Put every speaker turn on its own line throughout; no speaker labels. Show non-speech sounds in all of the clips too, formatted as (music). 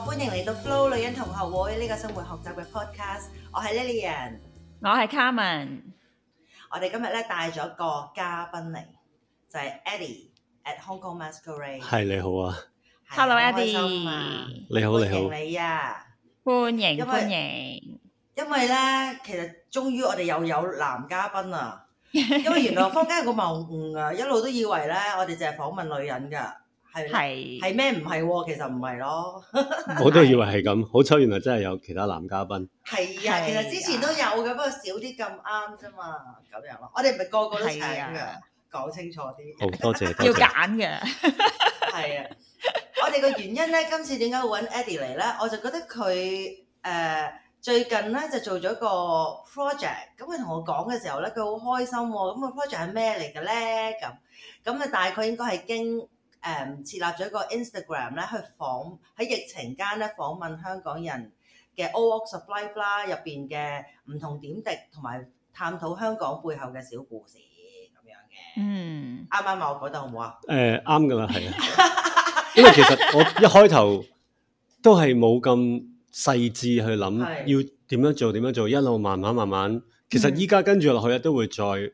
歡迎嚟到 Flo 女人同學會呢個生活學習嘅 podcast，我係 Lillian，我係 Carmen，我哋今日咧帶咗個嘉賓嚟，就係 Eddie at Hong Kong Masquerade。
係，你好
啊，Hello Eddie，你好你
好，歡
迎你啊，歡迎歡迎，因為咧其實終於我哋又有男嘉賓啊，因為原來坊間有個謬誤啊，一路都以為咧我哋淨係訪問女人㗎。係係咩唔係？其實唔係咯，我都
以為係咁，好彩原來真係有其他男嘉賓。
係啊，其實之前都有嘅，不過少啲咁啱啫嘛，咁樣咯。我哋唔係個個都係咁嘅，講清楚啲。好多謝要揀嘅，係啊。我哋個原因咧，今次點解搵 Eddie 嚟咧？我就覺得佢誒最近咧就做咗個 project。咁佢同我講嘅時候咧，佢好開心喎。咁個 project 係咩嚟嘅咧？咁咁咧大概應該係經。誒，設立咗一個 Instagram 咧，去訪喺疫情間咧訪問香港人嘅 all walks of life 啦，入邊嘅唔同點滴，同埋探討香港背後嘅小故事咁
樣嘅。嗯，
啱啱啊？我覺得好唔好
啊？誒、嗯，啱噶啦，係、嗯、啊。 (laughs) 因為其實我一開頭都係冇咁細緻去諗，要點樣做點樣做，一路慢慢慢慢。其實依家跟住落去都會再。嗯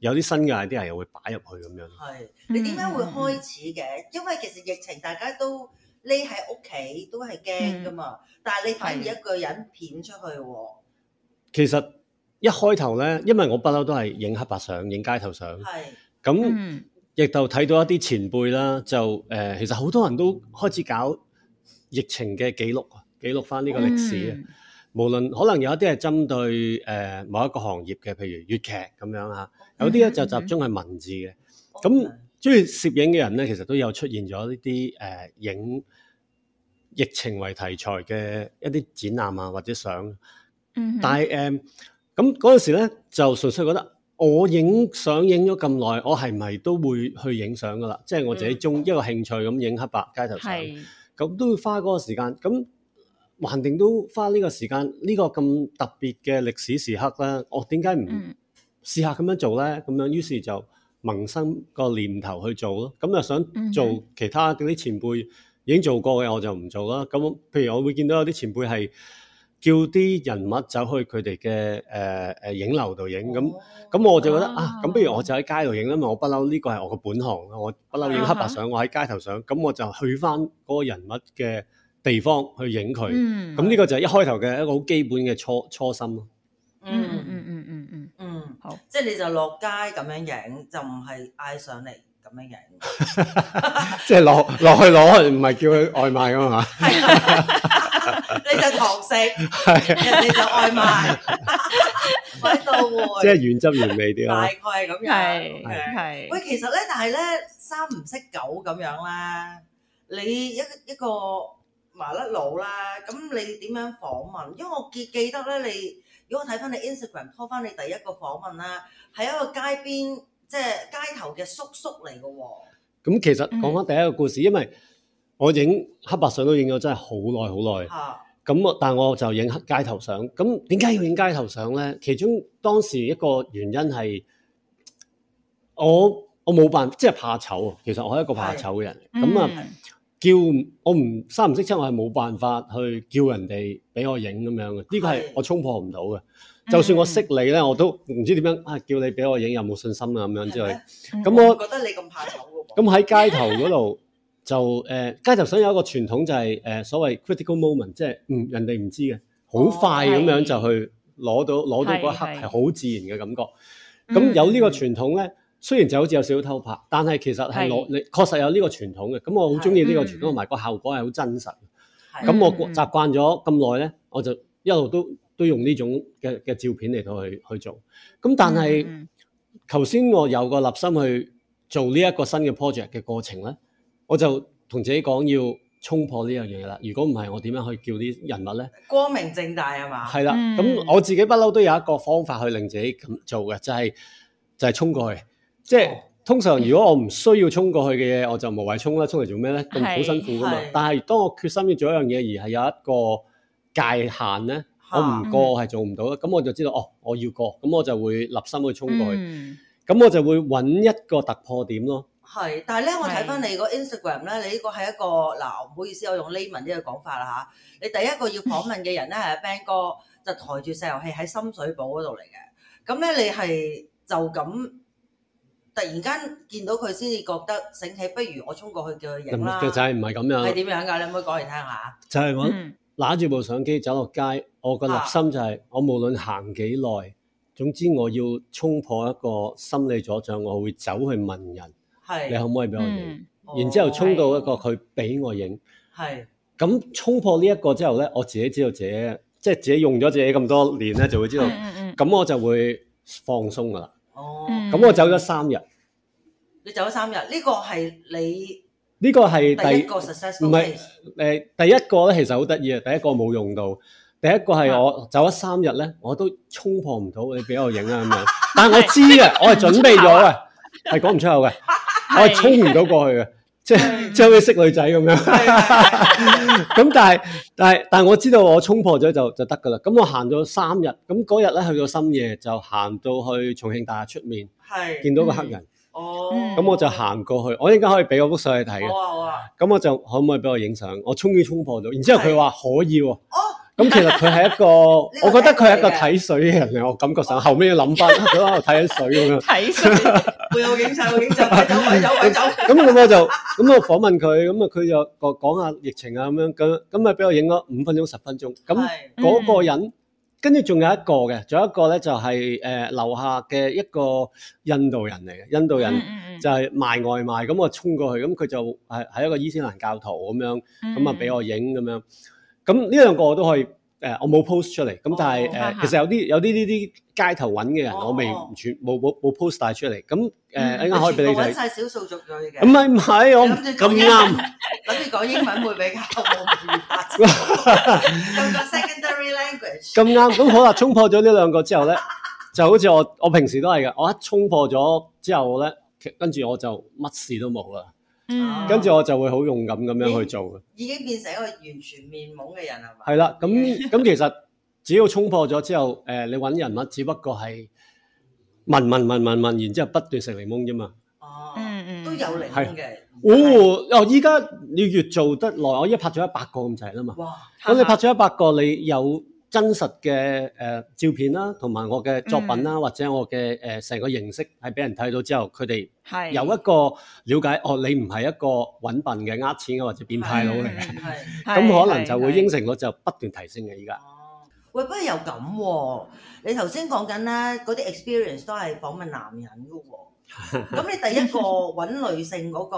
有啲新嘅 idea 又會擺入去咁樣。係
你點解會開始嘅、嗯？因為其實疫情大家都匿喺屋企，都係驚噶嘛。嗯、但係你係一個人片出去喎、嗯。
其實一開頭咧，因為我不嬲都係影黑白相、影街頭相。係咁亦都睇到一啲前輩啦，就誒、呃、其實好多人都開始搞疫情嘅記錄，記錄翻呢個歷史。嗯、無論可能有一啲係針對誒、呃、某一個行業嘅，譬如粵劇咁樣啊。有啲咧就集中係文字嘅，咁中意攝影嘅人咧，mm-hmm. 其實都有出現咗呢啲誒影疫情為題材嘅一啲展覽啊，或者相、mm-hmm.。嗯。但係誒，咁嗰陣時咧就純粹覺得，我影相影咗咁耐，我係唔係都會去影相噶啦？即係我自己中一個興趣咁影黑白街頭相，咁、mm-hmm. 都會花嗰個時間。咁橫掂都花呢個時間？呢個咁特別嘅歷史時刻咧，我點解唔？Mm-hmm. 試下咁樣做咧，咁樣於是就萌生個念頭去做咯。咁、嗯、又、嗯、想做其他啲前輩已經做過嘅，我就唔做啦。咁、嗯、譬如我會見到有啲前輩係叫啲人物走去佢哋嘅誒誒影樓度影咁，咁、嗯嗯、我就覺得啊，咁、啊、不如我就喺街度影吖嘛。因為我不嬲呢個係我嘅本行我不嬲影黑白相，我喺街頭相。咁、啊、我就去返嗰個人物嘅地方去影佢。咁、嗯、呢個就係一開頭嘅一個好基本嘅初初心咯。嗯嗯
嗯。嗯。
即係你就落街咁樣影，就唔係嗌上嚟咁樣影。
即係攞落去攞去，唔係叫佢外賣噶嘛？係，你就堂食，人哋就外賣，開到
會。即係原汁原味啲啦，大概係咁樣。係係。喂，其實咧，但係咧，三唔識九咁樣啦。你一一個麻甩佬啦，咁你點樣訪問？因為我記記得咧，你。如果我睇翻你 Instagram 拖翻你第一個訪問啦，係一個街邊即係、就是、街頭嘅叔叔嚟嘅
喎。咁、嗯、其實講翻第一個故事，因為我影黑白相都影咗，真係好耐好耐。咁我但係我就影黑街頭相。咁點解要影街頭相咧、嗯？其中當時一個原因係我我冇辦，即、就、係、是、怕醜。其實我係一個怕醜嘅人。咁、嗯、啊。叫我唔三唔識七，我係冇辦法去叫人哋俾我影咁樣嘅，呢個係我衝破唔到嘅。就算我識你咧，我都唔知點樣啊，叫你俾我影有冇信心啊咁樣之類。
咁我，我覺得你咁怕醜
嘅喎。咁喺街頭嗰度就、 (laughs) 呃、街頭想有一個傳統就係、是、誒、呃、所謂 critical moment，即係嗯人哋唔知嘅，好快咁樣就去攞到攞到嗰一刻係好自然嘅感覺。咁有呢個傳統咧。 (laughs) 雖然就好似有少少偷拍，但係其實係攞你確實有呢個傳統嘅，咁我好中意呢個傳統，同埋個效果係好真實的。咁我習慣咗咁耐呢，我就一路都都用呢種嘅嘅照片嚟到去去做。咁但係頭先我有個立心去做呢一個新嘅 project 嘅過程呢，我就同自己講要衝破呢樣嘢啦。如果唔係，我點樣去叫啲人物呢？
光明正大吖嘛？係啦，咁、嗯、
我自己不嬲都有一個方法去令自己咁做嘅，就係、是、就係、是、衝過去。即、就、係、是、通常，如果我唔需要衝過去嘅嘢，嗯，我就無謂衝啦。衝嚟做咩咧？咁好辛苦噶嘛。是是但係當我決心要做一樣嘢，而係有一個界限咧，啊，我唔過，我係做唔到啦。咁、嗯、我就知道哦，我要過，咁我就會立心去衝過去。咁、嗯、我就會揾一個突破點咯。
係，但係咧，我睇翻你個 Instagram 咧，你呢個係一個嗱，唔、呃、好意思，我用 layman 啲嘅講法啦吓，你第一個要訪問嘅人咧係阿 Ben 哥，就抬住石油氣喺深水埗嗰度嚟嘅。咁咧，你係就咁。突然間見到佢，先至覺得醒起，不如我衝過去叫佢影啦。就係唔係咁樣？係點樣噶？你唔可以講嚟，聽下
就係、是、我拿住部相機走落街，我個立心就係、是啊，我無論行幾耐，總之我要衝破一個心理阻障，我會走去問人，
你可唔可以俾我影、嗯？然之後衝
到一個佢俾我影，咁衝破呢一個之後咧，我自己知道自己，即、就、係、是、自己用咗自己咁多年咧，就會知道，咁我就會放鬆噶啦。哦，咁我走咗三日，你走咗三日，呢
個係
你呢個係第一個 success，唔係誒，第一個咧其實好得意啊，第一個冇用到，第一個係我走咗三日咧，我都衝破唔到，你俾我影啊咁樣，但係我知啊，我係準備咗嘅，係講唔出口嘅，我係衝唔到過去嘅。即、嗯、即好似識女仔咁樣，咁 (laughs) 但係但係但係我知道我衝破咗就就得噶啦。咁我行咗三日，咁嗰日咧去到深夜，就行到去重慶大廈出面，見到個黑人。嗯、哦，咁我就行過去，我應該可以俾個幅相你睇嘅。咁、好啊好啊、我就可唔可以俾我影相？我終於衝破咗，然之後佢話可以喎、啊。哦咁其實佢係一個，我覺得佢係一個睇水嘅人嚟，我感覺上後尾諗翻佢喺度睇緊水咁樣。睇水，會有警察，有警察，有位走，有位走。咁咁我就咁啊訪問佢，咁啊佢就講講下疫情啊咁樣，咁咁啊俾我影咗五分鐘、十分鐘。咁嗰個人，跟住仲有一個嘅，仲有一個咧就係誒樓下嘅一個印度人嚟嘅，印度人就係賣外賣，咁我衝過去，咁佢就係係一個伊斯蘭教徒咁樣，咁啊俾我影咁樣。咁呢兩個我都可以誒、呃，我冇 post 出嚟，咁但係誒、呃哦，其實有啲有啲呢啲街頭揾嘅人，哦、我未完全冇冇 post 曬出嚟。咁、嗯、誒，應、嗯、該可以俾你睇。全
部揾曬少數族裔嘅。咁咪唔係我咁啱。諗住講英文會比較。secondary
language。咁啱咁好啦，衝破咗呢兩個之後咧，就好似我我平時都係㗎，我一衝破咗之後咧，跟住我就乜事都冇啦。跟住我就會好勇敢咁樣去做嘅，
已經變成一個完全面懵嘅人係
咪？係啦，咁咁其實只要衝破咗之後，誒，你搵人物只不過係問問問問問，然之後不斷食檸檬啫嘛。哦，嗯嗯，都有
檸
檬嘅。哦，哦依家你越做得耐，我依家拍咗一百個咁滯啊嘛。哇，咁你拍咗一百個，你有。真實嘅誒照片啦，同埋我嘅作品啦，或者我嘅誒成個形式係俾人睇到之後，佢哋有一個瞭解，哦，你唔係一個揾笨嘅呃錢嘅或者變態佬嚟
嘅，咁可能就會
應承，我就不斷提升嘅依家。
喂，不過又咁喎，你頭先講緊咧嗰啲 experience 都係訪問男人嘅
喎，
咁你第一個揾女性嗰個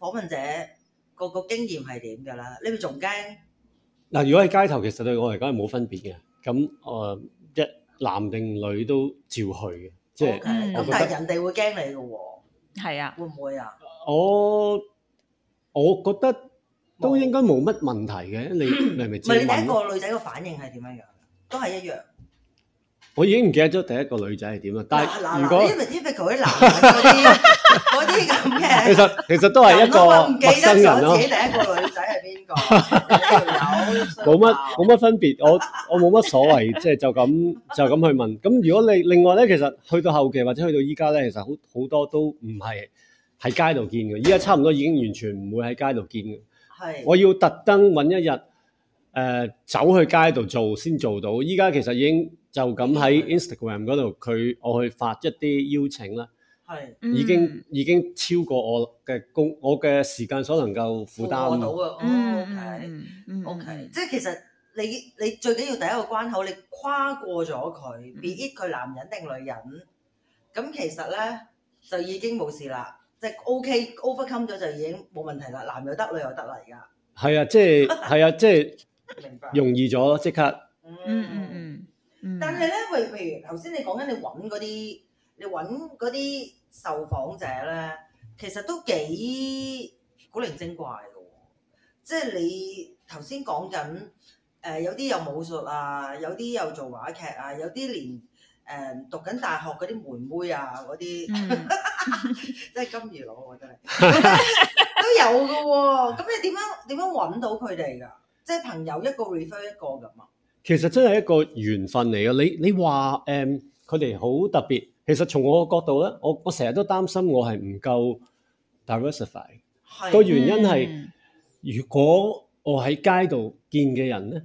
訪問者個個經驗係點㗎啦？你咪仲驚？
嗱，如果喺街頭，其實對我嚟講係冇分別嘅。咁，誒、呃，一男定女都照去嘅，即係。咁但係人哋會驚
你嘅喎，係啊，會
唔會啊？我我覺得都應該冇乜問題嘅。你你係咪？唔係你第一個女
仔個反應係點樣樣？都係一樣。
我已經唔記得咗第一個女仔係點啦，但係如果因為因為
typical 嗰啲男人嗰啲嗰啲咁嘅，其實其實都係一個陌生人咯。唔記得 (laughs) 自己第一個女仔係邊個，有冇乜
冇乜分別？我我冇乜所謂，即 (laughs) 係就咁就咁去問。咁如果你另外咧，其實去到後期或者去到依家咧，其實好好多都唔係喺街度見嘅，依家差唔多已經完全唔會喺街度見嘅。係，我要特登揾一日。誒、呃，走去街度做先做到。依家其實已經就咁喺 Instagram 嗰度，佢我去發一啲邀請啦，係，
已經
已經超過我嘅工，我嘅時間所能夠負擔。到啊、oh,，OK，OK，、okay.
mm-hmm. okay. okay. 即係其實你你最緊要第一個關口，你跨過咗佢，be it 佢男人定女人，咁其實咧就已經冇事啦，即、就、係、是、OK overcome 咗就已經冇問題啦，男又得，女又得啦而
家。係 (laughs) 啊，即係，係啊，即係。明白容易咗，即刻。嗯
嗯嗯，但係咧，喂，譬如頭先你講緊你搵嗰啲，你搵嗰啲受訪者咧，其實都幾古靈精怪嘅。即係你頭先講緊，誒，有啲有武術啊，有啲又做話劇啊，有啲連誒讀緊大學嗰啲妹妹啊，嗰啲即係金魚佬，我真係 (laughs) (laughs) (laughs) 都有喎。咁你點樣點樣搵到佢哋噶？即係朋友一個 refer
一個咁啊，其實真係一個緣分嚟嘅。你你話誒，佢哋好特別，其實從我嘅角度咧，我我成日都擔心我係唔夠 diversify。
個原因係
如果我喺街度見嘅人咧，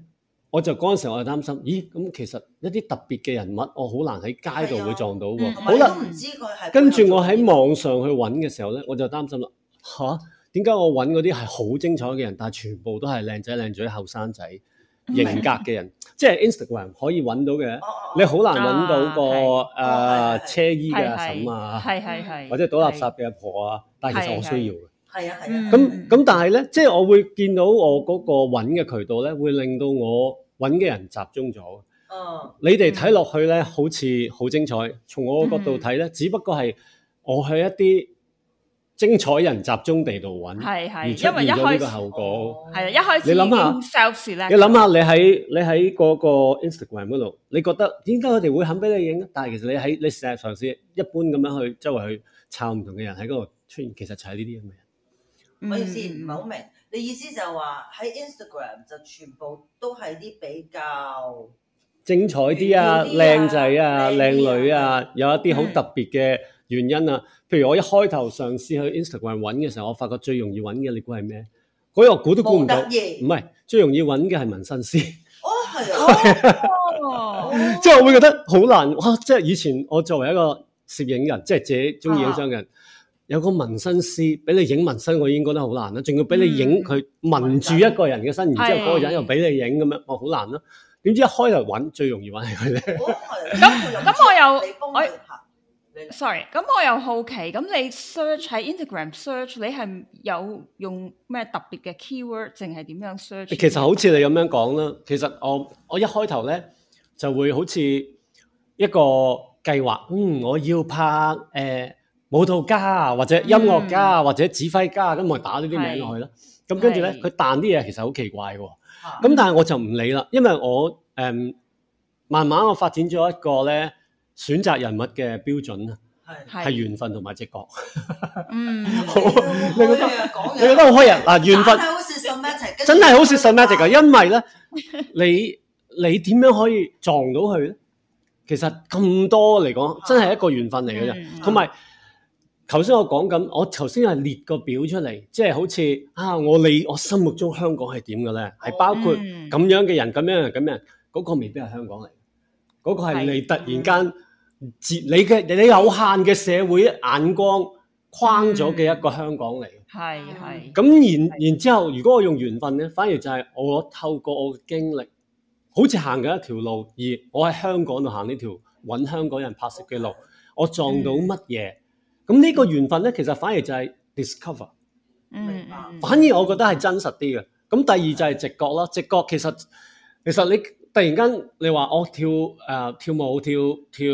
我就嗰陣時我就擔心，咦咁其實一啲特別嘅人物，我好難喺街度會撞到喎。好啦，唔
知佢係。
跟住我喺網上去揾嘅時候咧，我就擔心啦，吓。點解我揾嗰啲係好精彩嘅人，但係全部都係靚仔靚女啲後生仔、型格嘅人，即係 Instagram 可以揾到嘅、哦哦，你好難揾到個誒、啊呃、車衣嘅阿嬸啊，係
係係或者倒垃圾
嘅阿婆啊。但係其實我需要嘅，
係啊，咁
咁、嗯、但係咧，即係我會見到我嗰個揾嘅渠道咧，會令到我揾嘅人集中咗、哦。你哋睇落去咧、嗯，好似好精彩。從我嘅角度睇咧、嗯，只不過係我去一啲精彩人集中地度揾，
係係，因為一開個後果係啊，一開始你諗下，你諗下
你喺你喺嗰個 Instagram 嗰度，你覺得點解佢哋會肯俾你影？但係其實你喺你成日嘗試一般咁樣去周圍去抄唔同嘅人喺嗰度出現，其實就係呢啲咁嘅人。唔好意思，
唔係好明，你意思就係話喺 Instagram 就全部都係啲比較
精彩啲啊，靚仔啊，靚女啊，有一啲好特別嘅。原因啊，譬如我一開頭嘗試去 Instagram 揾嘅時候，我發覺最容易揾嘅你估係咩？嗰、那、樣、個、我估都估唔到。唔係，最容易揾嘅係紋身師。哦，
係
啊。
(laughs) 哦 (laughs) 哦、即係我會覺得好難哇！即係以前我作為一個攝影人，即係自己中意影相嘅人、啊，有個紋身師俾你影紋身我已經覺得，我應該都好難啦。仲要俾你影佢紋住一個人嘅身，然、嗯、之後嗰個人又俾你影咁樣，我好、啊哦、難囉、啊。點知一開頭揾最容易揾係佢咧。咁
咁我又我。 (laughs) sorry，咁我又好奇，咁你 search 喺 Instagram search，你係有用咩特別嘅 keyword，定係點樣 search？其實好
似你咁樣講啦，其實我我一開頭咧就會好似一個計劃，嗯，我要拍誒、呃、舞蹈家啊，或者音樂家啊、嗯，或者指揮家，咁我打些字那呢啲名落去咯。咁跟住咧，佢彈啲嘢其實好奇怪嘅，咁、啊、但係我就唔理啦，因為我誒、呃、慢慢我發展咗一個咧。選擇人物嘅標準啊，係係緣分同埋直覺。嗯，好
你
覺得你覺得好開人？嗱，緣、啊、分是的真係好似神
match 啊，因為咧， (laughs) 你你點樣可以撞到佢咧？其實咁多嚟講，真係一個緣分嚟嘅啫。同、嗯、埋，頭先、啊、我講緊，我頭先係列個表出嚟，即、就、係、是、好似啊，我你我心目中香港係點嘅咧？係、哦、包括咁樣嘅人，咁、嗯、樣咁樣的人，嗰、那個未必係香港嚟，嗰、那個係你突然間。你嘅你有限嘅社會眼光框咗嘅一個香港嚟，
係係
咁然然之後，如果我用緣分咧，反而就係我透過我嘅經歷，好似行緊一條路，而我喺香港度行呢條揾香港人拍攝嘅路、嗯，我撞到乜嘢？咁、嗯、呢個緣分咧，其實反而就係 discover，明白？反而我覺得係真實啲嘅。咁第二就係直覺啦、嗯，直覺其實其實你。突然間，你話我跳誒、呃、跳舞、跳跳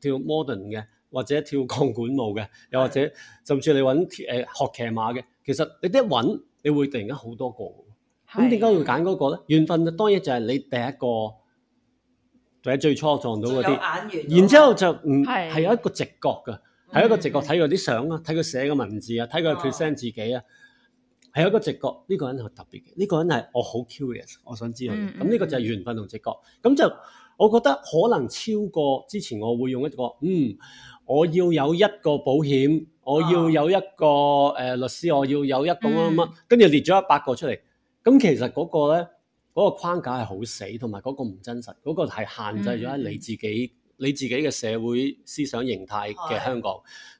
跳 modern 嘅，或者跳鋼管舞嘅，又或者甚至你揾誒、呃、學騎馬嘅，其實你一揾，你會突然間好多個。咁點解要揀嗰個咧？緣分嘅當然就係你第一個，就係最初撞到嗰啲。眼緣。然之後就唔係，係有一個直覺嘅，係一個直覺睇佢啲相啊，睇佢寫嘅文字啊，睇佢 present 自己啊。哦。係一個直覺，呢、這個人係特別嘅，呢、這個人係我好 curious，我想知佢。咁、嗯、呢、嗯、個就係緣分同直覺。咁就我覺得可能超過之前，我會用一個嗯，我要有一個保險，我要有一個誒、哦呃、律師，我要有一個乜乜乜，跟、嗯、住、嗯、列咗一百個出嚟。咁其實嗰個咧，嗰、那個框架係好死，同埋嗰個唔真實，嗰、那個係限制咗喺你自己，嗯嗯你自己嘅社會思想形態嘅香港。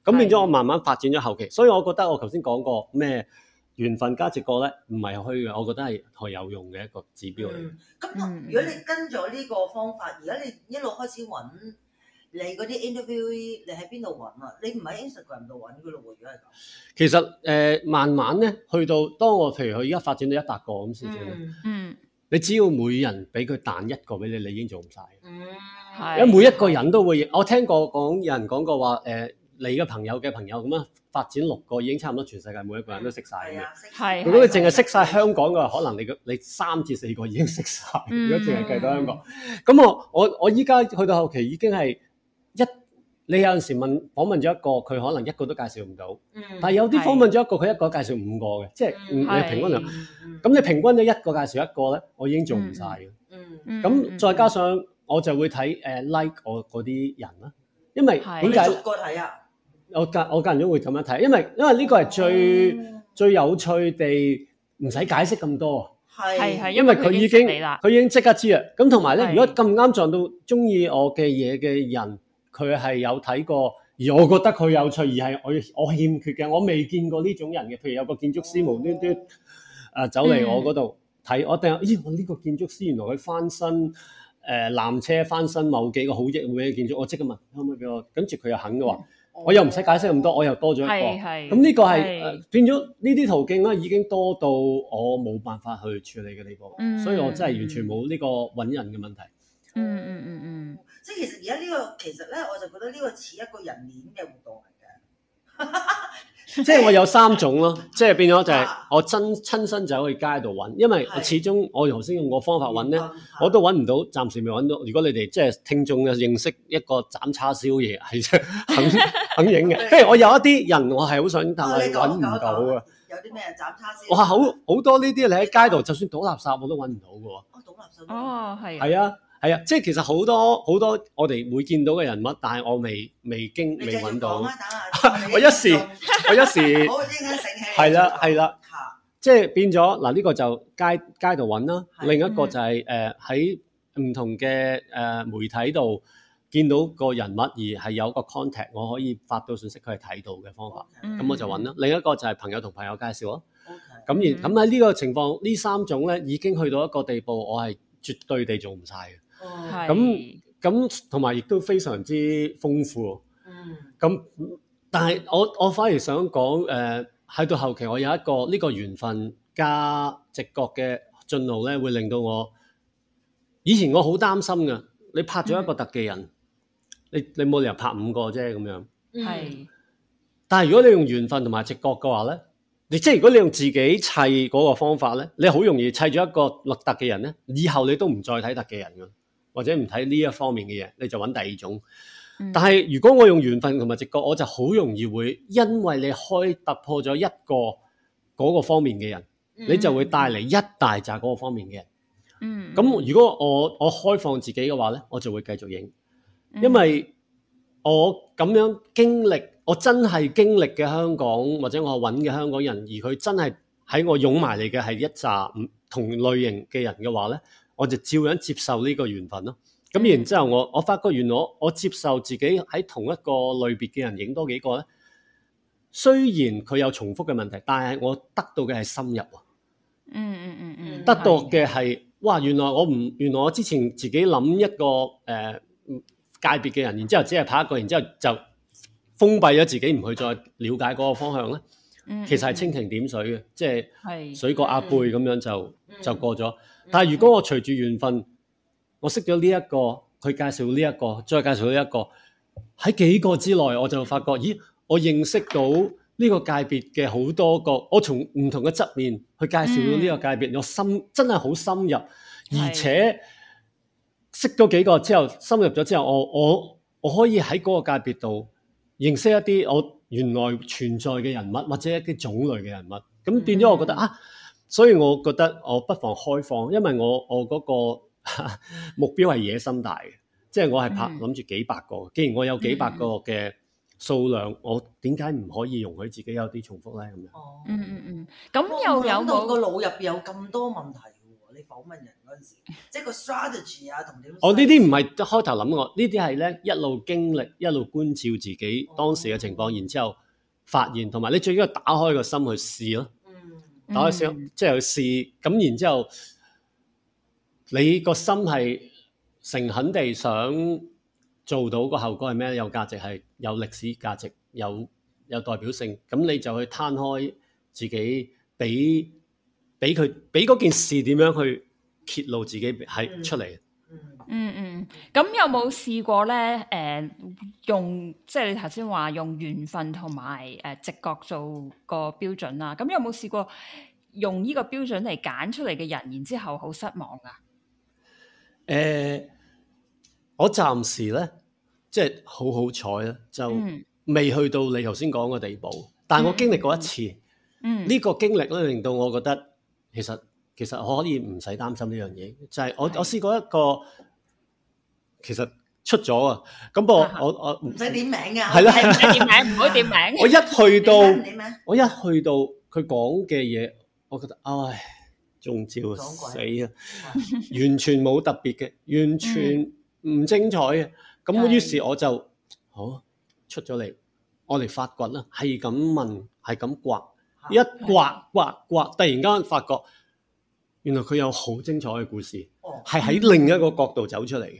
咁、哦、變咗我慢慢發展咗後期，所以我覺得我頭先講過咩？緣分加直過咧，唔係虛嘅，我覺得係係有用嘅一個指標嚟。咁、嗯嗯嗯、如
果你跟咗呢個方法，而家你一路開始揾你嗰啲 interview，你喺邊度揾啊？你唔
喺 Instagram 度揾嘅咯，如果係咁。其實誒、呃，慢慢咧去到，當我譬如佢而家發展到一百個咁先至。嗯，你只要每人俾佢彈一個俾你，你已經做唔晒。係、嗯。因為每一個人都會，嗯、我聽過講有人講過話誒、呃，你嘅朋友嘅朋友咁啊。發展六個已經差唔多全世界每一個人都識晒。嘅、啊，係。
如果你淨
係識晒香港嘅話，可能你你三至四個已經識晒、嗯。如果淨係計到香港，咁、嗯、我我我依家去到後期已經係一，你有陣時問訪問咗一個，佢可能一個都介紹唔到、嗯。但係有啲訪問咗一個，佢一個介紹五個嘅，即係、嗯、你，你平均量？咁你平均咗一個介紹一個咧，我已經做唔晒。嘅。嗯咁、嗯、再加上我就會睇誒、嗯 uh, like 我嗰啲人啦，因為點解？逐個睇啊。我隔我隔日都會咁樣睇，因為因為呢個係最、嗯、最有趣地，唔使解釋咁多啊。係、嗯、係，
因為佢已經
佢已經即刻知啦。咁同埋咧，如果咁啱撞到中意我嘅嘢嘅人，佢係有睇過，而我覺得佢有趣，而係我我欠缺嘅，我未見過呢種人嘅。譬如有個建築師、哦、無端端誒走嚟我嗰度睇，我定然咦我呢個建築師原來佢翻身，誒、呃、纜車翻身，某幾個好嘅好嘅建築，我即刻問他可唔可以俾我，跟住佢又肯嘅話。嗯我又唔使解釋咁多、哦，我又多咗一個，咁呢個係變咗呢啲途徑咧、啊，已經多到我冇辦法去處理嘅地步，所以我真係完全冇呢個揾人嘅問題。嗯嗯嗯嗯，
即、嗯、
係、嗯、其實而家呢個其實咧，我就覺得呢個似一個人面嘅活動嚟嘅。 (laughs)
(laughs) 即係我有三種咯，即係變咗就係我親親身就喺街度揾，因為我始終我頭先用個方法揾咧，我都揾唔到，暫時未揾到。如果你哋即係聽眾嘅認識一個斬叉燒嘢係真肯 (laughs) 肯影嘅，即係我有一啲人我係好想，但係揾唔到啊。這個那個、有啲咩
斬
叉燒？哇，好好多呢啲你喺街度，就算倒垃圾我都揾唔到嘅
喎。哦，倒垃圾哦，
係係啊。係啊，即係其實好多好多我哋會見到嘅人物，但係我未未經未揾到。 (laughs) 我一時 (laughs) 我一時係啦係啦， (laughs) (laughs) 即係變咗嗱。呢、這個就街街度揾啦，另一個就係誒喺唔同嘅誒、呃、媒體度見到個人物而係有個 contact，我可以發到信息，佢係睇到嘅方法。咁、okay，我就揾啦、嗯。另一個就係朋友同朋友介紹啊。咁、okay，然咁喺呢個情況呢三種咧，已經去到一個地步，我係絕對地做唔晒嘅。咁咁同埋亦都非常之豐富。咁、嗯、但係我我反而想講誒，喺、呃、到後期我有一個呢、這個緣分加直覺嘅進路咧，會令到我以前我好擔心嘅。你拍咗一個特技人，嗯、你你冇理由拍五個啫咁樣。
係，
但係如果你用緣分同埋直覺嘅話咧，你即係如果你用自己砌嗰個方法咧，你好容易砌咗一個立特技人咧，以後你都唔再睇特技人噶。或者唔睇呢一方面嘅嘢，你就揾第二種。但係如果我用緣分同埋直覺，嗯、我就好容易會因為你開突破咗一個嗰個方面嘅人，嗯，你就會帶嚟一大紮嗰個方面嘅人。咁、嗯、如果我我開放自己嘅話咧，我就會繼續影，嗯，因為我咁樣經歷，我真係經歷嘅香港或者我揾嘅香港人，而佢真係喺我湧埋嚟嘅係一紮唔同類型嘅人嘅話咧。我就照樣接受呢個緣分咯。咁、嗯嗯、然之後我我發覺，原來我，我接受自己喺同一個類別嘅人影多幾個咧。雖然佢有重複嘅問題，但係我得到嘅係深入。嗯嗯嗯嗯，得到嘅係哇，原來我唔原來我之前自己諗一個誒、呃、界別嘅人，然之後只係拍一個，然之後就封閉咗自己，唔去再了解嗰個方向咧。其實係蜻蜓點水嘅、嗯，即係水過鴨背咁樣就、嗯、就過咗。但係如果我隨住緣分，我識咗呢一個，佢介紹呢一個，再介紹呢一個，喺幾個之內，我就發覺，咦，我認識到呢個界別嘅好多個，我從唔同嘅側面去介紹到呢個界別、嗯，我深真係好深入，而且識咗幾個之後深入咗之後，我我我可以喺嗰個界別度。認識一啲我原來存在嘅人，人物，或者一啲種類嘅人物，咁變咗我覺得、mm-hmm. 啊，所以我覺得我不妨開放，因為我我嗰、嗰個目標係野心大嘅，即係我係拍諗住幾百個。Mm-hmm. 既然我有幾百個嘅數量，mm-hmm. 我點解唔可以容許自己有啲重複咧？咁樣哦，嗯
嗯嗯，咁又有我個腦入邊有咁多問題喎，你訪問人。時即係個
strategy 啊，同點、啊？哦呢啲，唔係開頭諗我，呢啲係咧，一路經歷，一路觀照自己當時嘅情況、哦，然之後發現，同埋你最緊要打開個心去試咯。嗯，
打開心，即、嗯、
係、就是、去試。咁然之後，你個心係誠懇地想做到個後果係咩？有價值係，係有歷史價值，有有代表性。咁你就去攤開自己，俾俾佢，俾件事點樣去。揭露自己係出嚟。嗯
嗯嗯，咁、嗯、有冇試過咧？誒、呃，用即係、即係、你頭先話用緣分同埋誒直覺做個標準啦。咁有冇試過用呢個標準嚟揀出嚟嘅人，然後之後好失望啊？
誒、呃，我暫時咧，即係好好彩啦，就、嗯、未去到你頭先講嘅地步。但係我經歷過一次。嗯。呢、嗯呢個經歷咧，令到我覺得其實。其實我可以唔使擔心呢樣嘢，就係我我試過一個，其實出咗啊。咁我我我唔使點
名噶，係啦，
唔使點
名，唔好點名。我一去到，
我一去到佢講嘅嘢，我覺得唉，中招啊，死啦，完全冇特別嘅，完全唔精彩嘅。咁於是我就哦出咗嚟，我嚟發掘啦，係咁問，係咁刮，一刮刮刮，突然間發覺。原來佢有好精彩嘅故事，係、哦、喺另一個角度走出嚟嘅。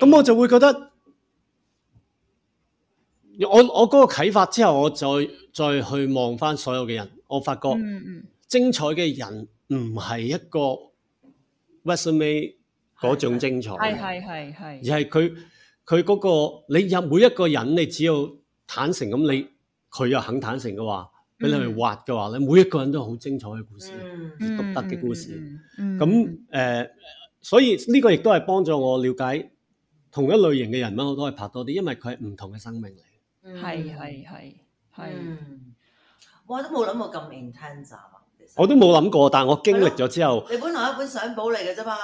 咁、嗯、我就會覺得，嗯、我我嗰個啟發之後，我再再去望翻所有嘅人，我發覺、嗯、精彩嘅人唔係一個 resume 嗰種精彩，係
係係而
係佢佢嗰個你入每一個人，你只要坦誠咁，你佢又肯坦誠嘅話，俾你嚟挖嘅話咧，每一個人都係好精彩嘅故事，好獨特嘅故事。咁，所以，呢個亦都係幫助我了解，同一類型嘅人物，我都係拍多啲，因為佢係唔同嘅生命嚟嘅。
係，係，係。我都冇諗
過咁 intense，我都冇諗過。但我經歷咗之後，
你本來一本相簿嚟嘅啫嘛。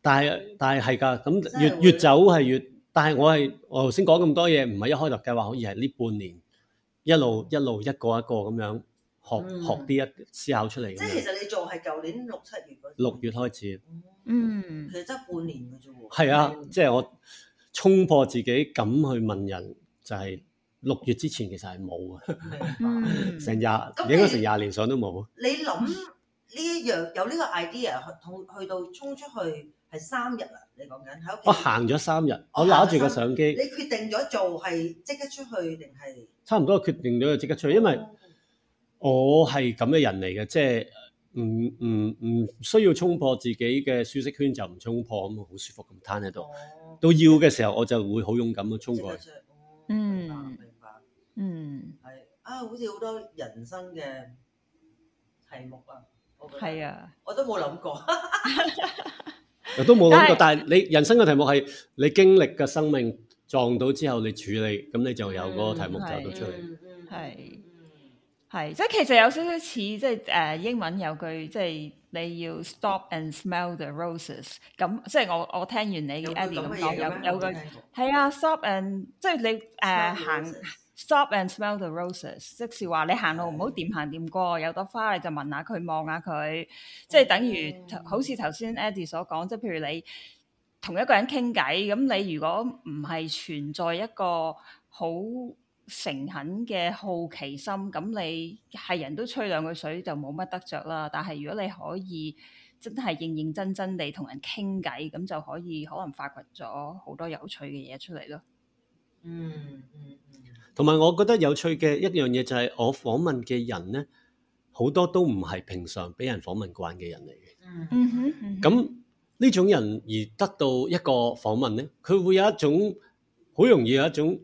但係但係係㗎，咁越越走係越，但係我係我頭先講咁多嘢，唔係一開頭計劃可以係呢半年。一路一路一個一個咁樣學、嗯、學啲一思考出嚟，即係其實
你仲係舊年六七月
份。六月開始，嗯，
其實得半年
嘅啫喎。係啊，即係、就是、我衝破自己咁去問人，就係、是、六月之前其實係冇啊。明、嗯、白。成 (laughs) 廿應該成廿年上都冇。
啊？你諗呢一樣有呢個 idea 去去到衝出去係三日啊？你講緊喺屋
企，我行咗三日，我攞住個相機。你
決定咗做係即刻出去定係？
差唔多決定咗就即刻出去，因為我係咁嘅人嚟嘅，即係唔唔唔需要衝破自己嘅舒適圈就唔衝破，咁好舒服咁攤喺度。到要嘅時候我就會好勇敢咁衝過去，去。嗯，明白，明白，
嗯，係啊，好似好多人生嘅題目啊，我係啊，我都冇諗過。 (laughs)
都冇諗過，但係你人生嘅題目係你經歷嘅生命撞到之後，你處理，咁你就有嗰個題目就到出嚟。
係，係，即係其實有少少似，即係誒英文有句，即係你要 stop and smell the roses。咁即係我我聽完你嘅 Eddie 咁講，有有句係啊 stop and，即係你誒行。Stop and smell the roses，即是話你行路唔好掂行掂過，有朵花你就聞下佢，望下佢，即係等於、嗯、好似頭先 Eddie 所講，即係譬如你同一個人傾偈，咁你如果唔係存在一個好誠懇嘅好奇心，咁你係人都吹兩句水就冇乜得着啦。但係如果你可以真係認認真真地同人傾偈，咁就可以可能發掘咗好多有趣嘅嘢出嚟咯。嗯
嗯。嗯同埋，我覺得有趣嘅一樣嘢就係，我訪問嘅人咧，好多都唔係平常俾人訪問慣嘅人嚟嘅。嗯哼，咁、嗯、呢種人而得到一個訪問咧，佢會有一種好容易有一種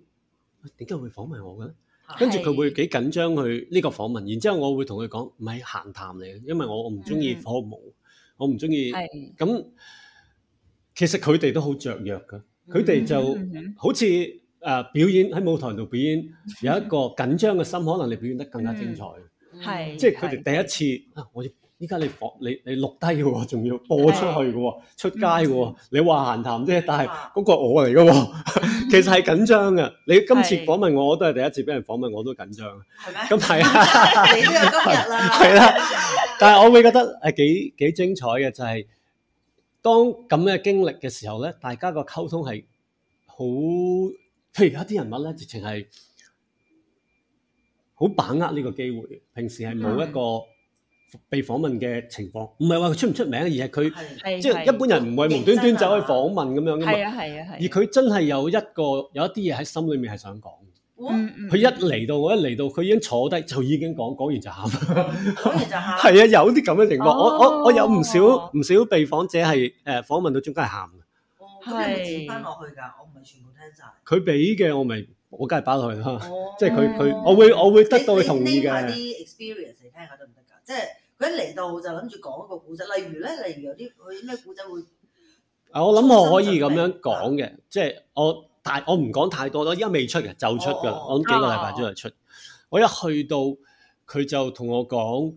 點解、哎、會訪問我嘅？跟住佢會幾緊張去呢個訪問。然之後，我會同佢講，唔係閒談嚟嘅，因為我我唔中意訪問，我唔中意。係咁，其實佢哋都好雀躍嘅，佢哋就好似、嗯。嗯誒、呃、表演喺舞台度表演有一個緊張嘅心、嗯，可能你表演得更加精彩。
係、嗯嗯、即係佢哋
第一次啊！我依家你你你你錄低嘅喎，仲要播出去嘅喎，出街嘅喎、嗯。你話閒談啫、啊，但係嗰個我嚟嘅喎，其實係緊張嘅。你今次訪問我，我都係第一次俾人訪問，我都緊張。係咩咁係啊？係 (laughs) 啦天了， (laughs) 是 (laughs) 但係我會覺得係幾幾精彩嘅、就係，就係當咁嘅經歷嘅時候咧，大家個溝通係好。譬如有啲人物咧，直情係好把握呢個機會，平時係冇一個被訪問嘅情況，唔係話佢出唔出名，而係佢
即係一般人
唔會無端端走去訪問咁樣噶嘛。而佢真係有一個有一啲嘢喺心裏面係想講，佢、嗯、一嚟到，我一嚟到，佢已經坐低就已經講講完就喊，講、嗯、完就喊。係 (laughs) 啊， (laughs) (laughs) 有啲咁嘅情況，哦、我我我有唔少唔、哦、少被訪者係誒、呃、訪問到中間係喊。佢有冇賠翻落去㗎？我唔係全部聽晒。佢俾嘅我咪我梗係擺落去啦、哦，即係佢佢我會我會得到佢同意嘅。你拎埋啲 experience 嚟
聽下得唔得㗎？即係佢一嚟到就諗住講一個古仔，例如咧，例如
有啲佢咩古仔會。啊，我諗我可以咁樣講嘅，即係、就是、我但係我唔講太多咯。依家未出嘅就出㗎、哦，我諗幾個禮拜之後出，出、哦。我一去到佢就同我講，誒、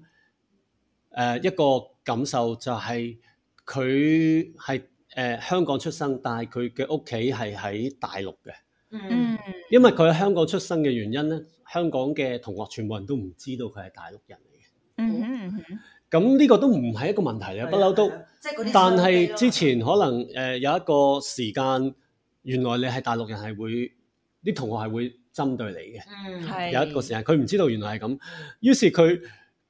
呃、一個感受就係佢係。誒、呃、香港出生，但係佢嘅屋企係喺大陸嘅。嗯，因為佢喺香港出生嘅原因咧，香港嘅同學全部人都唔知道佢係大陸人嚟嘅。嗯、
嗯、
咁呢個都唔係一個問題嘅，不嬲都。
係、係。但係之
前可能誒、呃、有一個時間，原來你係大陸人係會啲同學係會針對你嘅。
有一個
時間，佢唔知道原來係咁，於是佢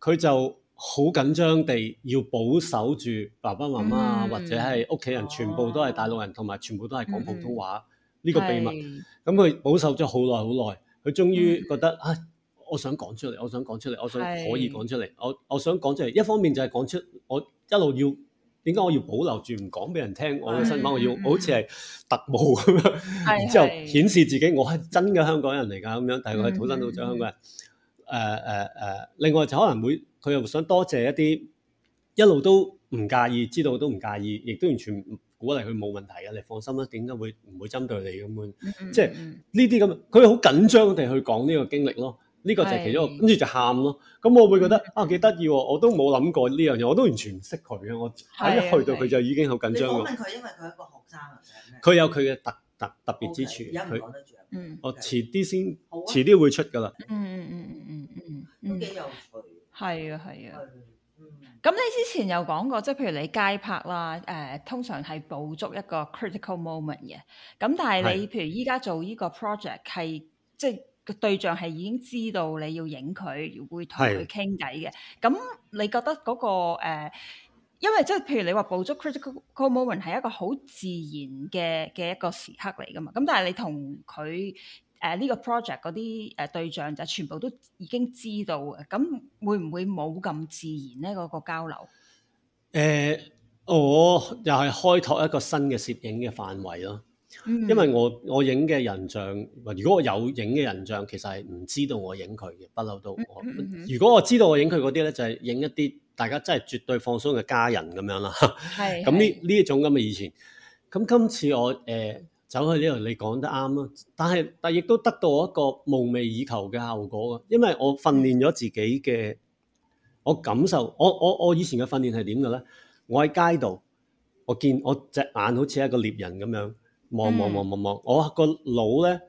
佢就。好緊張地要保守住爸爸媽媽啊、嗯，或者係屋企人、哦、全部都係大陸人，同埋全部都係講普通話呢、嗯呢個秘密。咁佢保守咗好耐好耐，佢終於覺得啊、嗯，我想講出嚟，我想講出嚟，我想可以講出嚟，我我想講出嚟。一方面就係講出我一路要點解我要保留住唔講俾人聽我嘅身份，嗯、我要我好似係特務咁、嗯、樣， (laughs) (laughs) 然之後顯示自己我係真嘅香港人嚟㗎咁樣。但係佢係土生土長香港人，另外就可能會。佢又想多謝一啲一路都唔介意，知道都唔介意，亦都完全鼓勵佢冇問題啊！你放心啦，點解會唔會針對你咁樣？即係呢啲咁，佢、嗯、好、就是、緊張地去講呢個經歷咯。呢、呢個就係其中一個，跟住就喊咯。咁我會覺得啊，幾得意喎！我都冇諗過呢樣嘢，我都完全唔識佢啊！我一去到佢就已經好緊張。你問佢，因
為
佢係一個學生嚟嘅。佢有佢嘅特特特別之處。佢講得住啊！嗯、okay, 我遲啲先，okay. 遲啲會出㗎啦。嗯嗯嗯嗯嗯
嗯，都、嗯嗯嗯、幾有趣。係啊，
係啊。咁、嗯、你之前有講過，即係譬如你街拍啦，誒、呃、通常係捕捉一個 critical moment 嘅。咁但係你譬如依家做呢個 project 係，即係、就是、對象係已經知道你要影佢，會同佢傾偈嘅。咁你覺得嗰、嗰個、呃、因為即係譬如你話捕捉 critical moment 係一個好自然嘅嘅一個時刻嚟㗎嘛？咁但係你同佢。誒，呢個 project 嗰啲誒對象就全部都已經知道嘅，咁會唔會冇咁自然呢？嗰、嗰個交流？誒、
呃，我又係開拓一個新嘅攝影嘅範圍咯、嗯，因為我我影嘅人像，如果我有影嘅人像，其實係唔知道我影佢嘅，不嬲都、嗯哼哼。如果我知道我影佢嗰啲咧，就係、是、影一啲大家真係絕對放鬆嘅家人咁樣啦。係、 (laughs)
嗯。咁呢
呢一種咁啊，以前咁今、嗯、次我誒。呃走去呢度，你講得啱啊。但係，但亦都得到我一個夢寐以求嘅效果啊！因為我訓練咗自己嘅我感受。我我我以前嘅訓練係點嘅咧？我喺街度，我見我隻眼好似一個獵人咁樣望望望望望。我個腦咧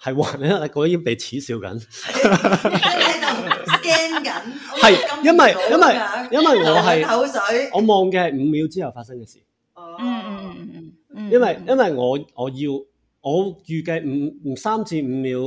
係話咧，我已經被恥笑緊。
喺度驚緊，係因為因為因為我係口水。 (laughs) 我
望嘅係五秒之後發生嘅事。
哦，嗯嗯。
因為、嗯、因為我我要我預計五三至五秒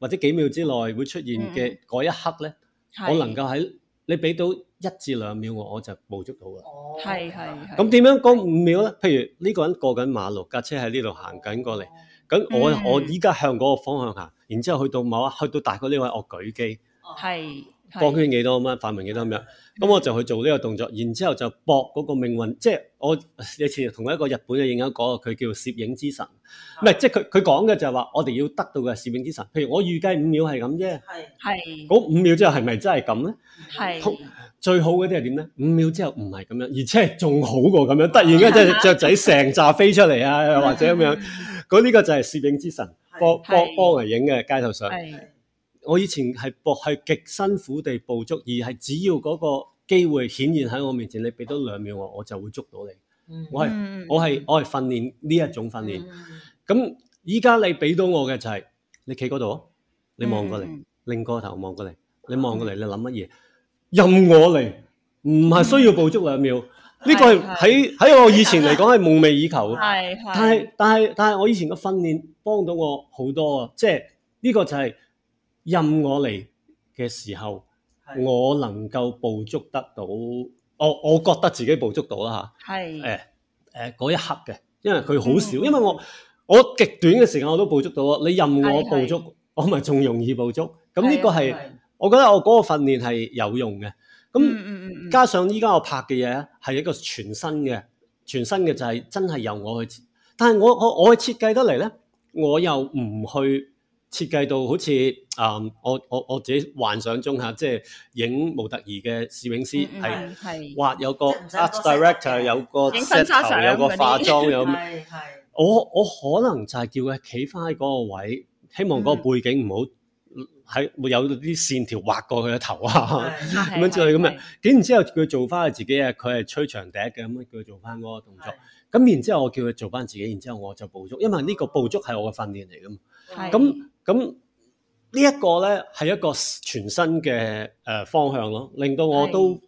或者幾秒之內會出現嘅嗰一刻呢，嗯、
我能夠
喺你俾到一至兩秒我我就捕捉到啦。哦，係
係。咁
點樣講五秒呢？譬如呢、呢個人過緊馬路，架車喺呢度行緊過嚟，咁、哦、我我依家向嗰個方向行，然之後去到某一去到大概呢位我舉機。
係、哦。嗯光圈
幾多咁樣，快門幾多咁樣，咁我就去做呢個動作，然之後就搏嗰個命運，即係我以前同一個日本嘅影友講，佢叫攝影之神，唔係即係佢佢講嘅就係話，我哋要得到嘅攝影之神，譬如我預計五秒係咁啫，係係，嗰五秒之後係咪真係咁咧？係最好嗰啲係點咧？五秒之後唔係咁樣，而且仲好過咁樣，突然間隻隻雀仔成扎飛出嚟啊，或者咁樣，嗰呢個就係攝影之神幫幫幫嚟影嘅街頭相。我以前係搏，係極辛苦地捕捉，而係只要嗰個機會顯現喺我面前，你俾多兩秒我，我就會捉到你。我係我係我係訓練呢一種訓練。咁依家你俾到我嘅就係、是，你企嗰度，你望過嚟，擰、嗯、過頭望過嚟，你望過嚟，你諗乜嘢？任我嚟，唔係需要捕捉兩秒。呢、嗯個係喺喺、嗯、我以前嚟講係夢寐以求嘅。係、嗯、係。但係但係但係我以前嘅訓練幫到我好多啊！即係呢個就係、是。任我嚟嘅時候，我能夠捕捉得到，我我覺得自己捕捉到啦吓。係誒誒一刻嘅，因為佢好少、嗯，因為我我極短嘅時間我都捕捉到。你任我捕捉，是我咪仲容易捕捉。咁呢個係我覺得我嗰個訓練係有用嘅。咁加上依家我拍嘅嘢係一個全新嘅，全新嘅就係真係由我去，但係我我我去設計得嚟咧，我又唔去。設計到好似、嗯、我我我自己幻想中嚇，即係影模特兒嘅攝影師係畫、嗯、有個 art director,、嗯，有個頭有個化妝有。係係我我可能就係叫佢企翻喺個位，希望嗰個背景唔好喺有啲線條畫過佢嘅頭啊，咁樣之類咁啊。然之後佢做翻佢自己啊，佢係吹長笛嘅，咁叫佢做翻嗰個動作。咁然之後我叫佢做翻自己，然之後我就捕捉，因為呢個捕捉係我嘅訓練嚟噶嘛。係。咁。咁呢一個呢，係一個全新嘅誒、呃、方向咯，令到我都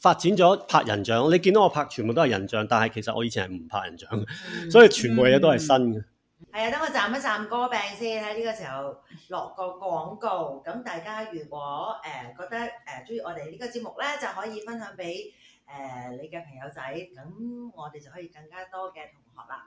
發展咗拍人像。你見到我拍全部都係人像，但係其實我以前係唔拍人像，嗯，所以全部嘢都係新
嘅。係、嗯、啊，等我站一站歌病先，喺、這、呢個時候落個廣告。咁大家如果誒、呃、覺得誒中意我哋呢個節目呢，就可以分享俾誒、呃、你嘅朋友仔。咁我哋就可以更加多嘅同學啦。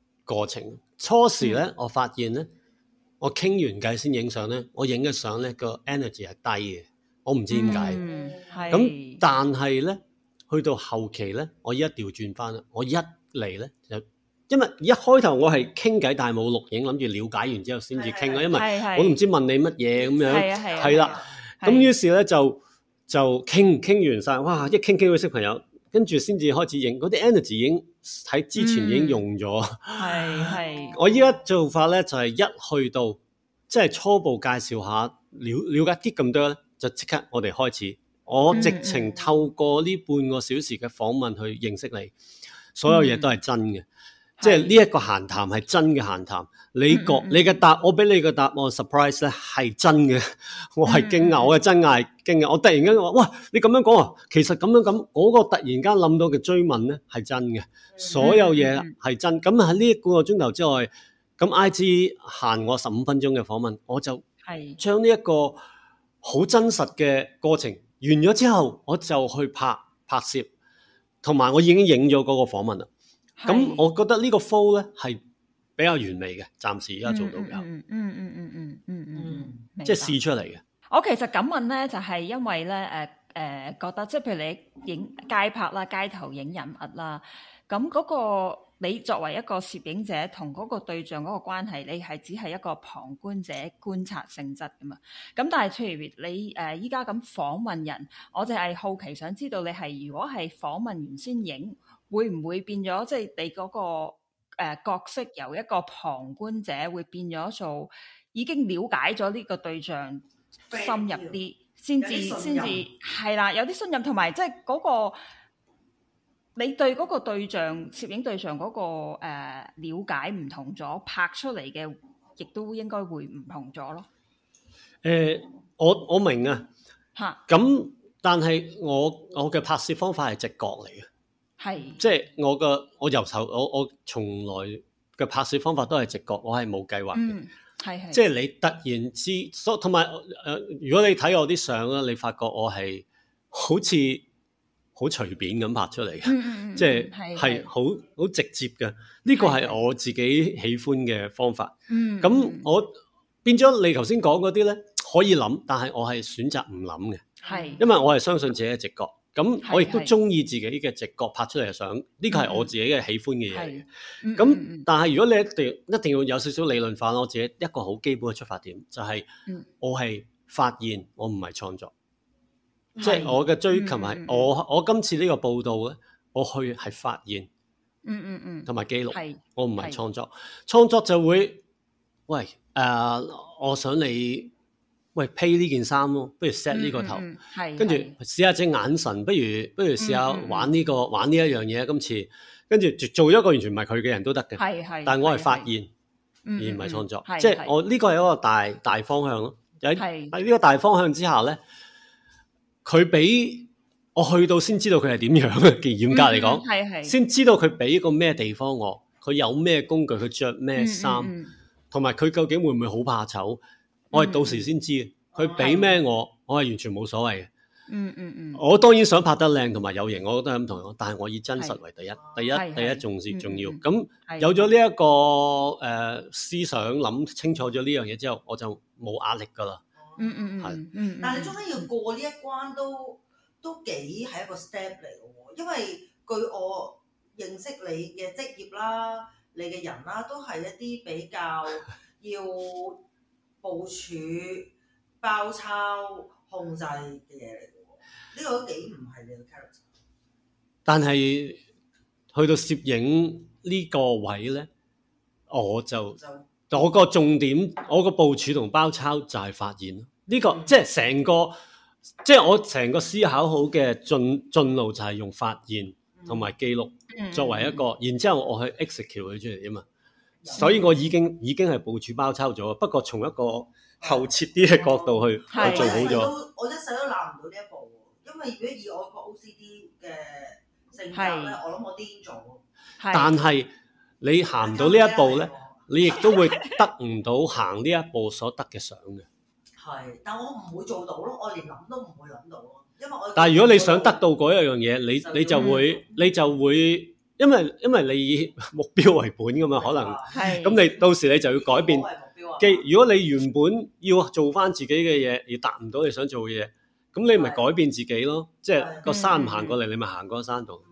過程初時咧，我發現咧，我傾完偈先影相咧，我影嘅相咧個 energy 係低嘅，我唔知點解。
咁、嗯嗯、
但係咧，去到後期咧，我依家調轉翻啦。我一嚟咧就，因為一開頭我係傾偈，但係冇錄影，諗住了解完之後先至傾啦。因為我都唔知問你乜嘢咁樣，係啦。咁於是咧就就傾傾完晒，哇！一傾傾佢識朋友，跟住先至開始影嗰啲 energy 影。喺之前已經用咗、嗯
(laughs)
我依家做法呢就係一去到，即、就、係、是、初步介紹下，了，了解啲咁多就即刻我哋開始。我直情透過呢半個小時嘅訪問去認識你，嗯、所有嘢都係真嘅。嗯即係呢一個閒談係真嘅閒談，你覺、嗯、你嘅答，我俾你嘅答案 surprise 咧係真嘅，我係驚訝，嗯、我係真係驚訝，我突然間我話，哇，你咁樣講啊，其實咁樣咁，我個突然間諗到嘅追問咧係真嘅、嗯，所有嘢係真的，咁喺呢一個鐘頭之外，咁 I G 限我十五分鐘嘅訪問，我就將呢一個好真實嘅過程完咗之後，我就去拍拍攝，同埋我已經影咗嗰個訪問啦。咁，我覺得呢個 Flo 咧係比較完美嘅，暫時而家做到㗎。嗯嗯嗯嗯嗯嗯嗯，即係試出嚟嘅。
我其實咁問咧，就係、是、因為咧，誒、呃、誒覺得，即係譬如你影街拍啦、街頭影人物啦，咁嗰、那個你作為一個攝影者同嗰個對象嗰個關係，你係只係一個旁觀者觀察性質㗎嘛。咁但係，譬如你誒依家咁訪問人，我就係好奇想知道你係如果係訪問完先影。會唔會變咗？即係你嗰個誒角色，由一個旁觀者，會變咗做已經了解咗呢個對象，深入啲，先至先至係啦。有啲信任，同埋即係嗰個你對嗰個對象、攝影對象嗰個誒了解唔同咗，拍出嚟嘅亦都應該會唔同咗咯。
誒，我我明啊，
吓，
咁，但係我我嘅拍攝方法係直覺嚟嘅。係，即係我嘅我由頭我我從來嘅拍攝方法都係直覺，我係冇計劃嘅。係、嗯、
係，即係你
突然之，同埋誒，如果你睇我啲相咧，你發覺我係好似好隨便咁拍出嚟嘅、嗯，即係係好好直接嘅。呢、這個係我自己喜歡嘅方法。嗯，咁我變咗你頭先講嗰啲咧，可以諗，但係我係選擇唔諗嘅。係，因為我係相信自己嘅直覺。咁我亦都中意自己嘅直覺拍出嚟嘅相，呢個係我自己嘅喜歡嘅嘢。咁、嗯、但係如果你一定一定要有少少理論化咯，我自己一個好基本嘅出發點就係，我係發現我唔係創作，即係我嘅追求係我我今次呢個報道咧，我去係發現，嗯嗯、就是、嗯，同、嗯、埋、嗯嗯嗯、記錄，是我唔係創作，創作就會，喂誒、呃，我想你。去 pay 呢件衫咯，不如 set 呢個頭，跟住試下只眼神，不如不如試下玩呢、這個嗯嗯玩呢一樣嘢。今次跟住做做一個完全唔係佢嘅人都得嘅，係係。
但係我係發
現是是而唔係創作，是是即係我呢個係一個大大方向咯。喺喺呢個大方向之下咧，佢俾我去到先知道佢係點樣嘅，嚴嚴格嚟講，先、嗯嗯、知道佢俾一個咩地方我，佢有咩工具，佢着咩衫，同埋佢究竟會唔會好怕醜？我係到時先知，佢俾咩我，mm-hmm. 我係完全冇所謂嘅。嗯嗯嗯。我當然想拍得靚同埋有型，我都係咁同你講，但係我以真實為第一，mm-hmm. 第一，mm-hmm. 第一，第一重視重要。咁，mm-hmm. mm-hmm. 有咗呢一個誒思想，諗清楚咗呢樣嘢之後，我就冇壓力噶啦。嗯嗯
嗯，係。但係你終歸要過呢一關都，都都幾係一個 step 嚟嘅喎。因為據我認識你嘅職業啦，你嘅人啦，都係一啲比較要。部署包
抄控制嘅嘢嚟嘅呢個都幾唔係你嘅 character。但係去到攝影呢個位咧，我就我個重點我個部署同包抄就係發現咯。呢、這個、嗯、即係成個即係我成個思考好嘅進進路就係用發現同埋記錄作為一個，嗯、然之後我去 execute 佢出嚟啊嘛。所以我已經已經係部署包抄咗，不過從一個後設啲嘅角度去我做好咗。我一世都攬唔到呢一步，因為如果以我個
OCD 嘅性格我諗我啲做
係。但係你行唔到呢一步咧，你亦都會得唔到行呢一步所得嘅相。嘅。係，
但我唔會做到咯，我連諗都唔會諗到咯，
因為我。但係如果你想得到嗰一樣嘢，你你就會你就會。嗯因為因為你以目標為本噶嘛，可能咁你到時你就要改變。既如果你原本要做翻自己嘅嘢，而達唔到你想做嘅嘢，咁你咪改變自己咯。即係個山唔行過嚟，你咪行過山度。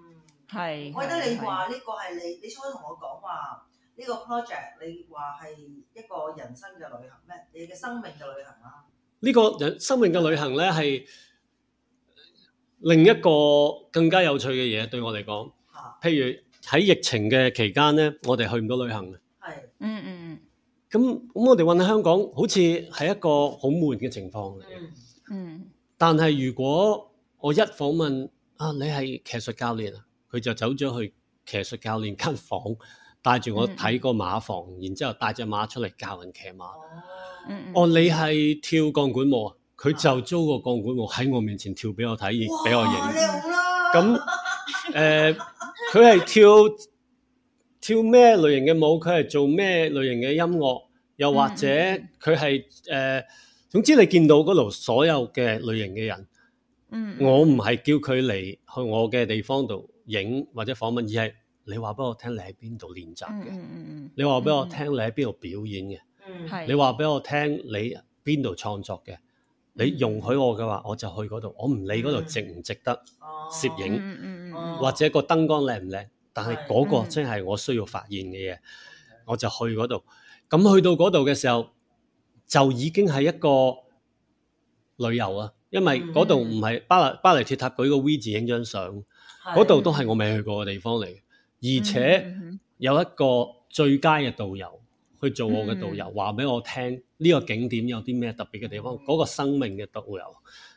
係。我覺得你話呢個係你，你初同我講話呢個 project，你話
係一個
人生嘅旅行咩，你嘅生命嘅
旅行啊。呢個人生命嘅旅行咧，係另一個更加有趣嘅嘢，對我嚟講。譬如喺疫情嘅期間咧，我哋去唔到旅行嘅。係，嗯嗯咁咁，我哋揾喺香港好似係一個好悶嘅情況嚟嘅。嗯但係如果我一訪問啊，你係騎術教練啊，佢就走咗去騎術教練間房，帶住我睇個馬房，嗯、然之後帶隻馬出嚟教人騎馬。哦、嗯啊。你係跳鋼管舞啊？佢就租個鋼管舞喺我面前跳俾我睇，而俾我影。哇，咁，誒、啊。 (laughs) 佢係跳跳咩類型嘅舞，佢係做咩類型嘅音樂，又或者佢係誒，mm-hmm. 總之你見到嗰度所有嘅類型嘅人，嗯、mm-hmm.，我唔係叫佢嚟去我嘅地方度影或者訪問，而係你話俾我聽你喺邊度練習嘅，嗯嗯嗯，你話俾我聽你喺邊度表演嘅，嗯、mm-hmm.，係、mm-hmm.，你話俾我聽你邊度創作嘅。你容許我嘅話，我就去嗰度。我唔理嗰度值唔值得攝影，嗯哦嗯哦，或者個燈光靚唔靚，但係嗰個真係我需要發現嘅嘢，我就去嗰度。咁去到嗰度嘅時候，就已經係一個旅遊啊！因為嗰度唔係巴黎鐵塔舉個 V 字影張相，
嗰度都係我
未去過嘅地方嚟，而且有一個最佳嘅導遊。去做我嘅導遊，話、嗯、俾我聽呢個景點有啲咩特別嘅地方？嗰、嗯個生命嘅導遊，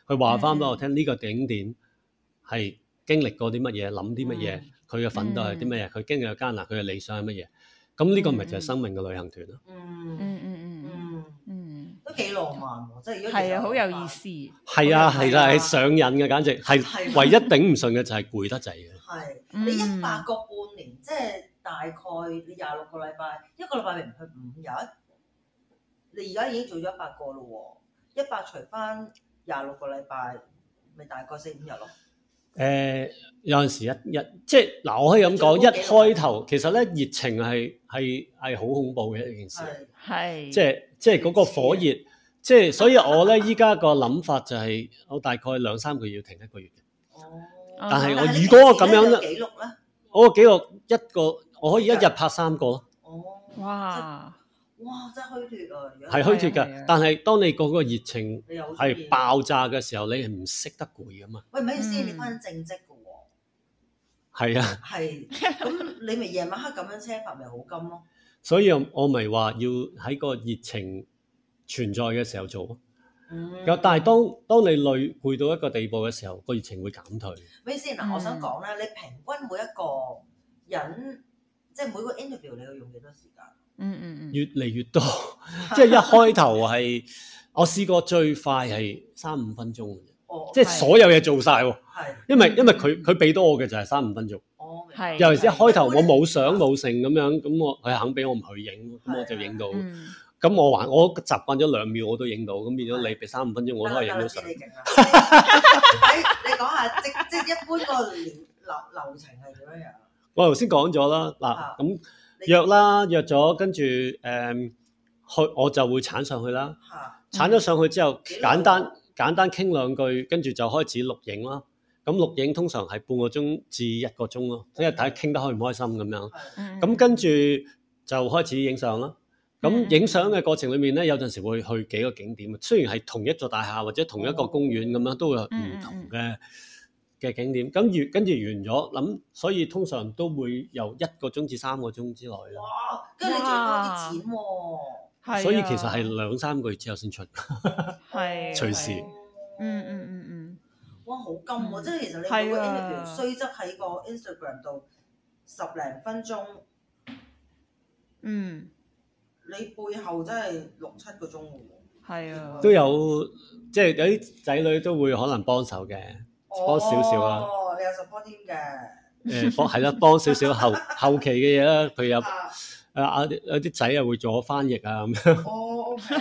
佢話翻俾我聽呢個景點係經歷過啲乜嘢，諗啲乜嘢，佢嘅奮鬥係啲乜嘢，佢、嗯嗯、經歷嘅艱難，佢、嗯、嘅理想係乜嘢？咁、嗯、呢個咪就係生命嘅旅行團咯。嗯嗯嗯嗯
嗯嗯，都幾浪漫，即係係啊，好、嗯嗯嗯嗯嗯嗯、
有意思。係啊，係啦、啊，係、啊、上癮嘅，簡直係、啊啊、唯一頂唔順嘅就係攰得滯嘅。係、嗯、
你一百個半年，即係。大概你廿六個禮拜，一個禮拜你唔去
五日？你而家已經做咗一百個咯，一百除翻廿六個禮拜，咪大概四五日咯。誒，有陣時一日，即係嗱，我可以咁講，一開頭其實咧，熱情係係係好恐怖嘅一件事，係即係即係嗰個火熱，即係所以我咧依家個諗法就係，我大概兩三個月要停一個月。哦，但係我如果咁樣咧，我
個
記錄一個。我可以一日拍三個咯。哦，
哇，哇，真係虛脱啊！係虛脱嘅，但
係當你個嗰個熱情係爆炸嘅時候，你係唔識得攰啊嘛。
喂，唔係先，你返正職嘅喎。係啊。係，咁你咪夜晚黑咁樣車法咪好金咯。
所以，我我咪話要喺個熱情存在嘅時候做
咯。嗯。咁
但係當當你累攰到一個地步嘅時候，個熱情會減退。
喂，先嗱，我想講咧，你平均每一個人。即
係每個 interview 你要用幾多時間？嗯嗯越嚟越多， (laughs) 即係一開頭係我試過最快係三五分鐘嘅、哦，即係所有嘢做晒。係，因為、嗯、因為佢佢俾多我嘅就係三五分鐘。哦，
係。尤其
是一開頭我冇相冇剩咁樣，咁我佢肯俾我唔去影，咁我就影到。咁、嗯、我，我還我習慣咗兩秒我都影到，咁變咗你俾三五分鐘我都係影到相。
你講下 (laughs) 即即係一般個流流程係點樣樣？
我頭先講咗啦，嗱咁約啦，約咗跟住誒去，我就會鏟上去啦。鏟、嗯、咗上去之後，簡單簡單傾兩句，跟住就開始錄影啦。咁錄影通常係半個鐘至一個鐘咯，即係睇下傾得開唔開心咁樣。咁、嗯嗯、跟住就開始影相啦。咁影相嘅過程裏面咧，有陣時會去幾個景點，雖然係同一座大廈或者同一個公園咁樣，嗯、都會有唔同嘅。嗯嗯嗯嘅景點，咁完跟住完咗，咁所以通常都會由一個鐘至三個鐘之內咯。
跟住仲要攞啲錢喎、啊啊，所以其
實係兩三個月之後先出、
啊，
隨時。啊、嗯嗯嗯嗯，哇！好金喎，即係其實你個 interview 雖則喺個 Instagram 度十零分鐘，嗯，你背後真係六七個鐘
喎。啊，都
有即係有啲仔女都會可能幫手嘅。多少少啊！哦，你有做 support
添
嘅。誒多係啦，多少少後後期嘅嘢啦，佢有誒啊啲啊啲仔啊會做翻譯啊咁樣。
哦，OK，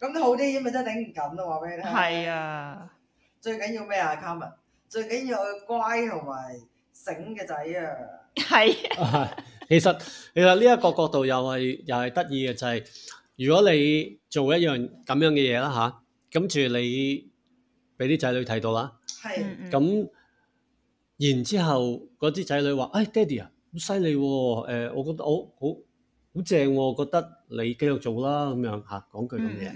咁好啲因為真係頂唔緊咯，話俾你聽。係啊，最緊要咩啊，Carmen？最緊要佢乖同埋醒嘅仔啊。係。係，
其實其實呢一個角度又係又係得意嘅，就係如果你做一樣咁樣嘅嘢啦嚇，跟住你，俾啲仔女睇到啦，係咁然之後嗰啲仔女話，哎，爹哋啊，好犀利喎！誒，我覺得好好好正喎，覺得你繼續做啦，咁樣吓，講句咁嘢，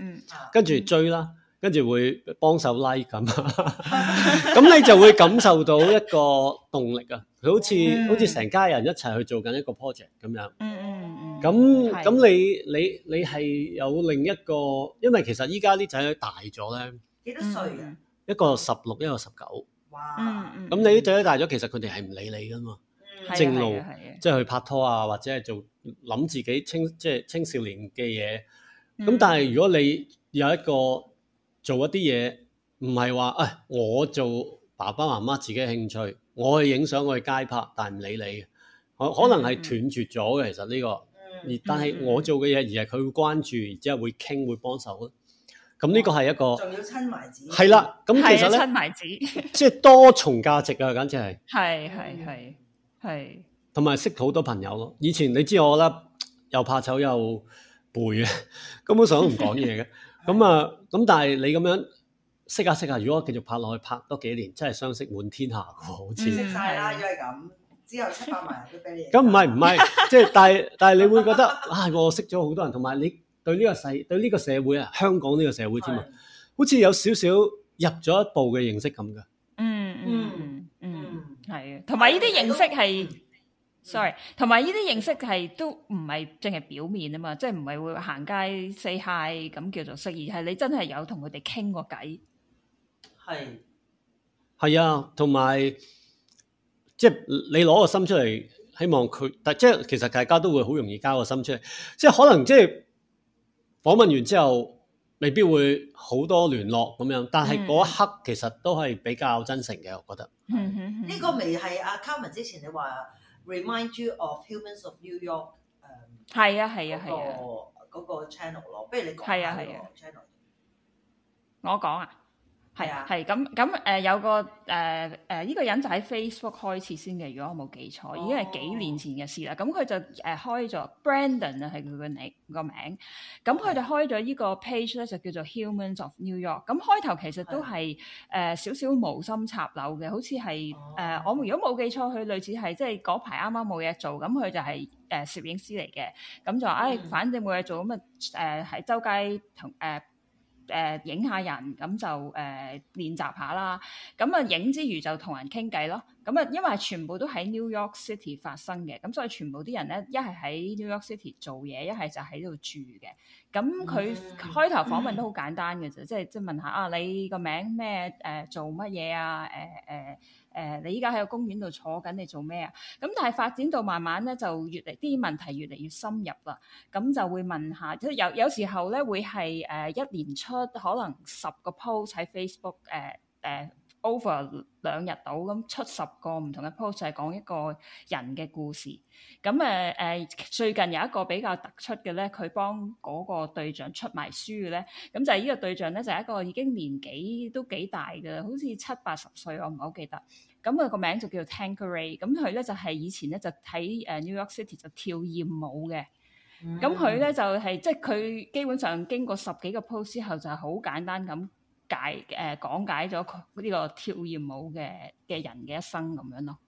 跟住追啦，跟住會幫手 like 咁，
咁你
就會感受到一個動力啊！佢好似好似成家人一齊去做緊一個 project 咁樣，嗯嗯嗯，咁咁你你你係有另一個，因為其實依家啲仔女大咗咧，幾多歲啊？一個十六，一個十九。哇！咁、嗯、你啲仔女大咗，其實佢哋係唔理你噶嘛？正路即係、就是、去拍拖啊，或者係做諗自己青即、就是、青少年嘅嘢。咁但係如果你有一個做一啲嘢，唔係話誒，我做爸爸媽媽自己興趣，我去影相，我去街拍，但係唔理你。可可能係斷絕咗嘅、嗯，其實呢、這個。而但係我做嘅嘢，而係佢會關注，然之後會傾，會幫手咯。咁呢個係一個，仲、哦、要
親埋子，係啦，咁其實咧，親、啊、
埋子， (laughs)
即係多重價值啊，簡直係，係
係係係，
同埋、嗯、識好多朋友咯。以前你知我啦，又怕醜又背啊，根本上都唔講嘢嘅。咁 (laughs) 啊、嗯，咁、嗯、但係你咁樣識下識下，如果繼續拍落去，拍多幾年，真係相識滿天下嘅，好似，嗯、識晒啦。因
為咁，之後七
百萬都俾你，咁唔係唔係，即係、就是、但係 (laughs) 但係你會覺得，唉、哎，我識咗好多人，同埋你。對呢個世對呢個社會啊，香港呢個社會添啊，好似有少少入咗一步嘅認識咁噶。嗯嗯
嗯，係、嗯、啊，同埋呢啲認識係、嗯、，sorry，同埋呢啲認識係都唔係淨係表面啊嘛，即係唔係會行街四 a 咁叫做識，宜，係你真係有同佢哋傾過偈。
係係啊，同埋即係你攞個心出嚟，希望佢，即係其實大家都會好容易交個心出嚟，即、就、係、是、可能即、就、係、是。訪問完之後，未必會好多聯絡咁樣，但係嗰一刻其實都係比較真誠嘅，我覺得。
嗯嗯呢、嗯嗯呢個未係阿 Carman 之前你話、嗯、remind you of humans of New York 誒？係
啊係啊係啊，嗰、啊啊嗰個啊啊
嗰個 channel 咯，不如你講下啊，嗰啊 channel。
我講啊。係啊，係咁咁誒有個誒誒呢個人就喺 Facebook 開始先嘅，如果我冇記錯、哦，已經係幾年前嘅事啦。咁、哦、佢就誒、呃、開咗 Brandon 啊係佢個名，咁、哦、佢就開咗呢個 page 咧就叫做 Humans of New York。咁開頭其實都係誒、啊呃、少少無心插柳嘅，好似係誒我如果冇記錯，佢類似係即係嗰排啱啱冇嘢做，咁佢就係誒攝影師嚟嘅，咁就誒、嗯哎、反正冇嘢做咁啊誒喺周街同誒。誒、呃、影下人，咁就誒、呃、練習下啦。咁啊影之餘就同人傾偈咯。咁啊，因為全部都喺 New York City 發生嘅，咁所以全部啲人咧，一係喺 New York City 做嘢，一係就喺度住嘅。咁佢開頭訪問都好簡單嘅啫，即係即係問下啊，你個名咩？誒、呃、做乜嘢啊？誒誒誒，你依家喺個公園度坐緊，你做咩啊？咁但係發展到慢慢咧，就越嚟啲問題越嚟越深入啦。咁就會問下，即係有有時候咧會係誒、呃、一年出可能十個 post 喺 Facebook 誒、呃、誒。呃 over 兩日到咁出十個唔同嘅 post，就係講一個人嘅故事。咁誒誒，最近有一個比較突出嘅咧，佢幫嗰個對象出埋書嘅咧。咁就係呢個對象咧，就係一個已經年紀都幾大嘅，好似七八十歲，我唔係好記得。咁佢個名就叫做 Tankery。咁佢咧就係以前咧就喺誒 New York City 就跳豔舞嘅。咁佢咧就係即係佢基本上經過十幾個 post 之後，就係好簡單咁。解誒講解咗呢個跳艷舞嘅嘅人嘅一生咁樣咯，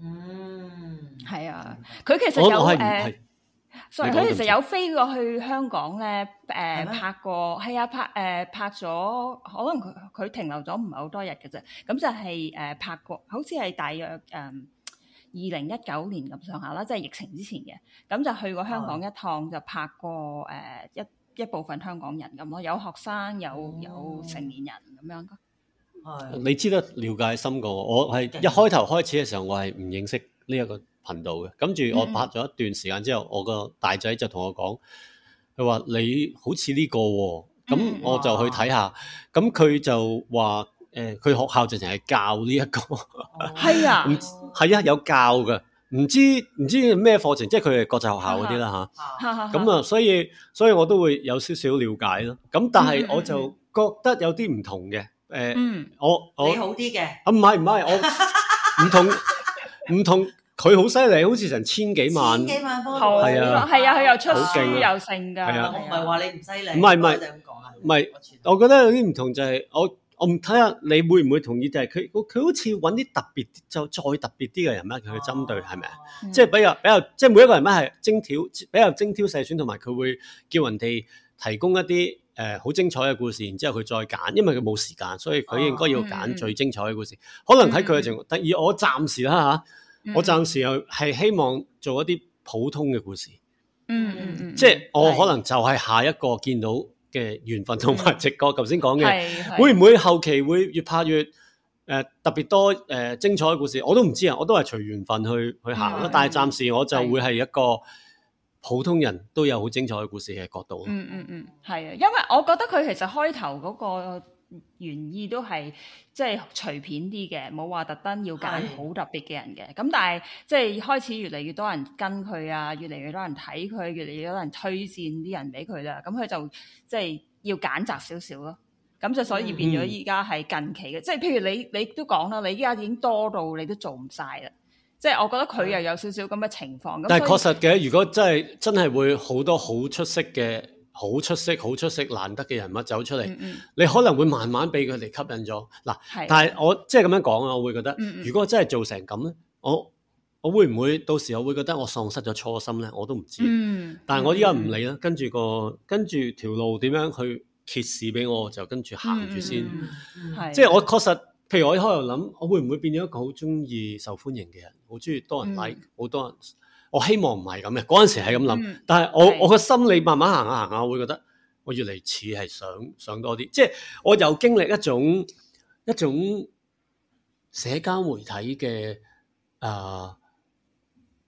嗯，係
啊，佢其實有誒，所以佢其實有
飛過去香港咧，誒、呃、拍過係啊拍誒、呃、拍咗，可能佢佢停留咗唔係好多日嘅啫，咁就係誒拍過，好似係大約誒二零一九年咁上下啦，即係疫情之前嘅，咁就去過香港一趟就拍過誒一。呃一部分香港人咁，我有學生，有有成年人咁樣。係，
你知得了解深過我。我係一開頭開始嘅時候，我係唔認識呢一個頻道嘅。跟住我拍咗一段時間之後，我個大仔就同我講，佢、嗯、話你好似呢個喎、哦，
咁、嗯、我就
去睇下。咁佢就話誒，佢、呃、學校直情係教呢、這、一個，係、哦、 (laughs) 啊，係啊，有教嘅。唔知唔知咩課程，即係佢係國際學校嗰啲啦吓。
咁啊，
所以所以我都會有少少了解咯。咁但係我就覺得有啲唔同嘅。誒，我我幾好啲嘅。啊，唔係唔係，我唔同唔同，佢好犀利，好似成千幾萬，
千幾萬方，係啊，係啊，佢又出書又勝㗎。係啊，我唔係話你唔犀利。唔係唔係，就係
咁講啊。唔係，我覺得有啲唔同就係我。我唔睇下你會唔會同意，就係佢佢好似揾啲特別就再特別啲嘅人佢去針對，係咪啊？即係比較比較，即係每一個人物係精挑比較精挑細選，同埋佢會叫人哋提供一啲誒好精彩嘅故事，然之後佢再揀，因為佢冇時間，所以佢應該要揀最精彩嘅故事。哦嗯、可能喺佢嘅情況，第、嗯、二我暫時啦嚇、嗯，我暫時又係希望做一啲普通嘅故事。嗯嗯即係我可能就係下一個見到。嘅緣分同埋直覺頭先講嘅，會唔會後期會越拍越誒、呃、特別多誒、呃、精彩嘅故事？我都唔知啊，我都係隨緣分去去行咯。但係暫時我就會係一個普通人，都有好精彩嘅故事嘅角度。嗯嗯
嗯，
係、嗯、啊，因為我覺得佢其實開頭嗰個。原意都係即係隨便啲嘅，冇話特登要揀好特別嘅人嘅。咁但係即係開始越嚟越多人跟佢啊，越嚟越多人睇佢，越嚟越多人推薦啲人俾佢啦。咁佢就即係要揀擇少少咯。咁就所以變咗依家係近期嘅，嗯。即係譬如你你都講啦，你依家已經多到你都做唔晒啦。即係我覺得佢又有少少咁嘅情
況，嗯。但係確實嘅，如果真係真係會好多好出色嘅。好出色、好出色、難得嘅人物走出嚟，嗯嗯，你可能會慢慢被佢哋吸引咗。嗱，但係我即係咁樣講啊，我會覺得，嗯、如果真係做成咁咧，我我會唔會到時候我會覺得我喪失咗初心咧？我都唔知道、嗯。但係我依家唔理啦、嗯，跟住個跟住條路點樣去揭示俾我，就跟住行住先。即、嗯、係、就是、我確實，譬如我喺開頭諗，我會唔會變咗一個好鍾意受歡迎嘅人？好鍾意多人 like，好、嗯、多人。我希望唔係咁嘅，嗰陣時係咁諗，但係我我個心理慢慢行下行下，我會覺得我越嚟似係想想多啲，即係我又經歷一種一種社交媒體嘅誒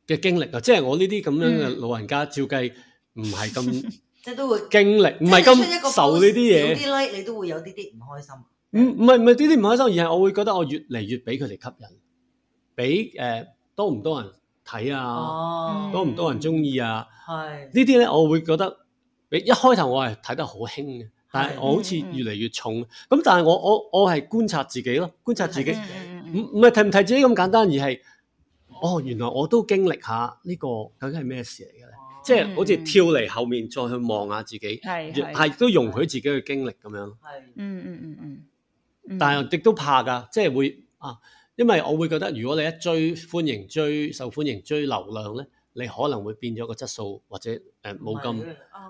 嘅經歷啊，即係我呢啲咁樣嘅老人家照計唔係咁，
即係都會
經歷唔係咁受呢啲嘢，啲
like 你
都會有啲啲唔開心。唔唔係唔係呢啲唔開心，而係我會覺得我越嚟越俾佢哋吸引，俾誒多唔多人。睇啊，哦、多唔多人中意啊？這些呢啲咧，我會覺得，一開頭我係睇得好輕嘅，但係我好似越嚟越重。咁、嗯、但係我我我係觀察自己咯，觀察自己，唔唔係睇唔睇自己咁、嗯、簡單，而係、哦，哦，原來我都經歷下呢個究竟係咩事嚟嘅咧？
即、哦、係、就是、好似
跳嚟後面再去望下自己，係係都容許自己去經歷咁樣。係，
嗯
嗯嗯嗯。但係亦都怕噶，即、就、係、是、會啊。因為我會覺得，如果你一追歡迎追、追受歡迎、追流量咧，你可能會變咗個質素，或者誒冇咁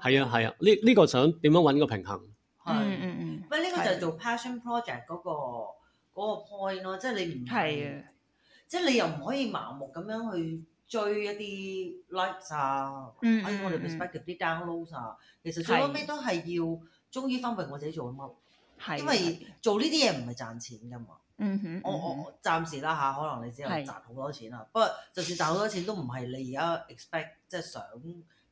係啊係啊。呢呢、這個想點樣搵個平衡？係
嗯嗯，不、嗯、呢、這個就係做 passion project 嗰、那個那個 point 咯，即係你唔係啊，即係你又唔可以盲目咁樣去追一啲 likes、嗯、啊，可以我哋嘅 special 啲 downloads。其實最尾都係要忠於分為我自己做乜，因為做呢啲嘢唔係賺錢㗎嘛。
嗯哼，我我
暫時啦嚇，可能你只係賺好多錢啦。不過，就算賺好多錢，都唔係你而家 expect 即係想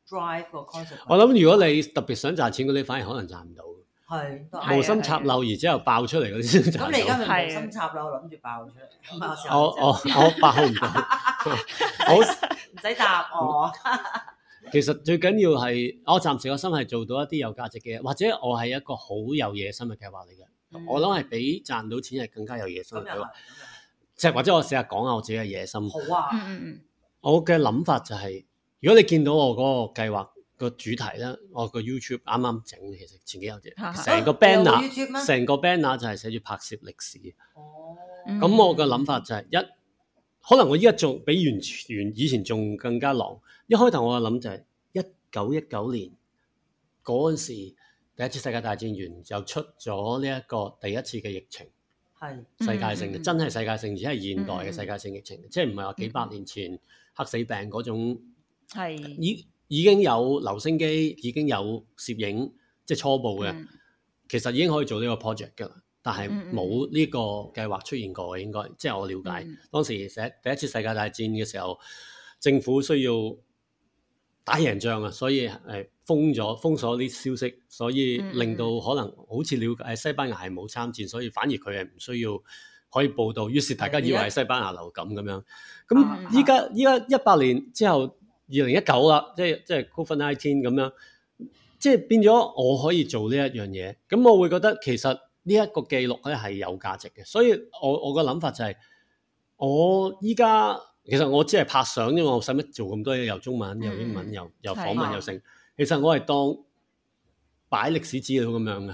drive 個 concept。
我諗如果你特別想賺錢嗰啲，反而可能賺唔到。
係，無心插
柳，而之後爆出嚟嗰啲。咁你而家
咪無心插柳諗住爆出嚟我試試？我我我爆唔到，好唔使答我。 (laughs) 我我 (laughs) 我
(laughs) 其實最緊要係，我暫時個心係做到一啲有價值嘅，或者我係一個好有野心嘅計劃嚟嘅。我諗係比賺到錢係更加有野心，即係或者我試下講下我自己嘅野心。好啊，我嘅諗法就係，如果你見到我嗰個計劃個主題咧，我個 YouTube 啱啱整，其實前幾日成個 banner，成個 banner 就係寫住拍攝歷史。哦。咁我嘅諗法就係一，可能我依家仲比完全以前仲更加狼，狼。一開頭我嘅諗就係一九一九年嗰陣時。第一次世界大戰完，就出咗呢一個第一次嘅疫情，
係世界性嘅，
真係世界性，而且係現代嘅世界性疫情，即係唔係話幾百年前黑死病嗰種。
係、嗯、
已已經有留聲機已經有攝影，即、就、係、是、初步嘅、嗯，其實已經可以做呢個 project 噶啦，但係冇呢個計劃出現過嘅、嗯，應該即係、就是、我了解、嗯、當時喺第一次世界大戰嘅時候，政府需要。打贏仗啊，所以係封咗封鎖啲消息，所以令到可能好似了解西班牙係冇參戰嗯嗯，所以反而佢係唔需要可以報道，於是大家以為係西班牙流感咁樣。咁依家依家一八年之後，二零一九啦，即係即係 COVID-19 咁樣，即係變咗我可以做呢一樣嘢，咁我會覺得其實呢一個記錄咧係有價值嘅，所以我我個諗法就係、是、我依家。其實我只係拍相，因為我使乜做咁多嘢？又中文，又英文，又又訪問，又剩。其實我係當擺歷史資料咁樣噶、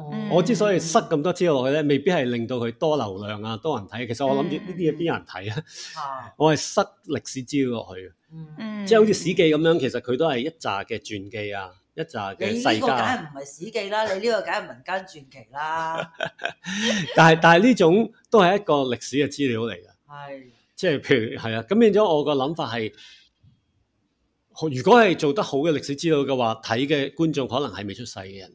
哦。我之所以塞咁多資料落去咧，未必係令到佢多流量啊，多人睇。其實我諗住呢啲嘢邊有人睇啊？嗯、我係塞歷史資料落去、
嗯，即係好似
《史記》咁樣。其實佢都係一集嘅傳記啊，一集嘅世家。你呢個梗
係唔係《史記》啦？你呢個梗係民間傳奇啦 (laughs) 。
但係但係呢種都係一個歷史嘅資料嚟噶。係。即、就、係、是、譬如係啊，咁變咗我個諗法係，如果係做得好嘅歷史資料嘅話，睇嘅觀眾可能係未出世嘅人。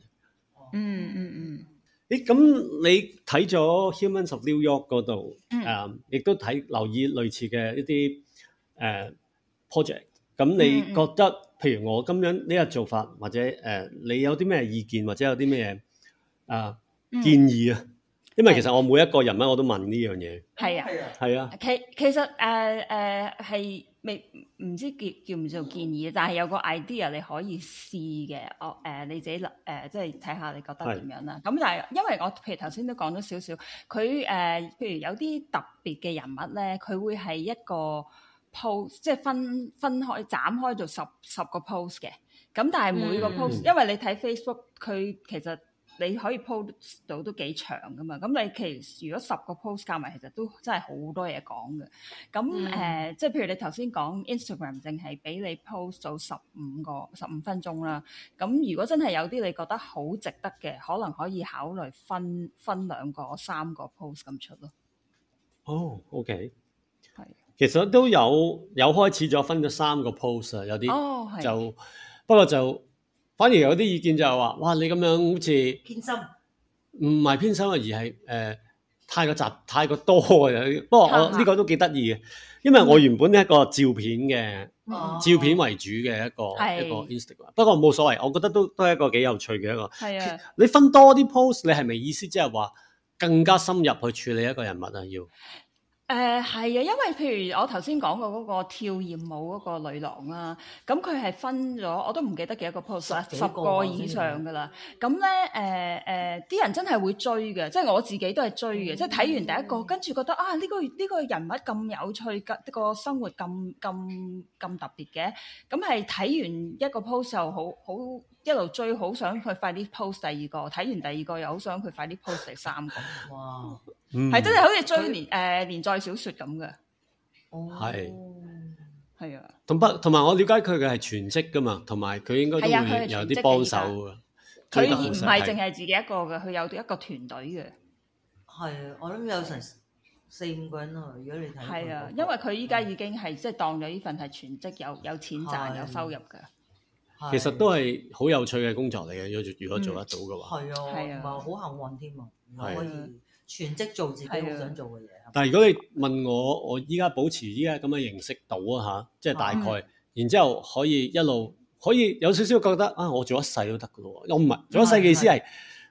嗯嗯嗯。咦、嗯？咁、欸、你睇咗《Humans of New York》嗰度，誒、嗯，亦、啊、都睇留意類似嘅一啲誒、啊、project。咁你覺得，嗯嗯、譬如我今日呢個做法，或者誒、呃，你有啲咩意見，或者有啲咩嘢建議啊？嗯因為其實我每一個人物我都問呢樣嘢，係啊，係啊，啊，
其其實誒誒係未唔知叫叫唔做建議，但係有個 idea 你可以試嘅，我、呃、你自己諗、呃、即係睇下你覺得點樣啦。咁但係因為我譬如頭先都講咗少少，佢誒、呃、譬如有啲特別嘅人物咧，佢會係一個 post，即係分分開、斬開做十十個 post 嘅。咁但係每個 post，嗯、因為你睇 Facebook，佢其實。你可以 post 到都幾長噶嘛？咁你其實如，如果十個 post 加埋，其實都真係好多嘢講嘅。咁誒，即、嗯、係、呃、譬如你頭先講 Instagram，淨係俾你 post 到十五個十五分鐘啦。咁如果真係有啲你覺得好值得嘅，可能可以考慮分分兩個、三個 post 咁出咯。
哦、oh，OK，係，其實都有有開始咗分咗三個 post 啊，有啲哦，係，就不過就。反而有啲意見就係、是、話，哇！你咁樣好似
偏心，
唔係偏心啊，而係誒太過雜、太過多啊。不過我呢個都幾得意嘅，因為我原本呢一個照片嘅、嗯，照片為主嘅一個、哦、一個 Instagram。不過冇所謂，我覺得都都係一個幾有趣嘅一個。係啊，你分多啲 post，你係咪意思即係話更加深入去處理一個人物啊？要？
誒係啊，因為譬如我頭先講過嗰個跳豔舞嗰個女郎啦、啊，咁佢係分咗，我都唔記得幾多個 post，十,十個以上噶啦。咁咧誒誒，啲、呃呃、人真係會追嘅，即、就、係、是、我自己都係追嘅。即係睇完第一個，跟住覺得啊，呢、呢個呢、呢個人物咁有趣，呢個生活咁咁咁特別嘅。咁係睇完一個 post 就好好，一路追好想去快啲 post 第二個，睇完第二個又好想佢快啲 post 第三個。哇！係真係好似追、呃、連誒連載小說咁嘅。係係啊。
同不同埋我了解佢嘅係全職噶嘛，同埋佢應該都有啲幫手噶。佢唔
係淨係自己一個嘅，佢有一個團隊嘅。係我諗有成四,四五個
人咯。如果你睇係啊，
因為佢依家已經係即係當咗呢份係全職，有
有錢賺，有收入噶。其實都
係好有趣嘅工作嚟嘅。如果做得到嘅話，係、嗯、啊，唔係好
幸運添啊，可以。全職做
自己好想做嘅嘢。但係如果你問我，我依家保持依家咁嘅形式到啊，吓，即係大概，啊、然之後可以一路可以有少少覺得啊，我做一世都得嘅咯。我唔係做一世嘅意思，係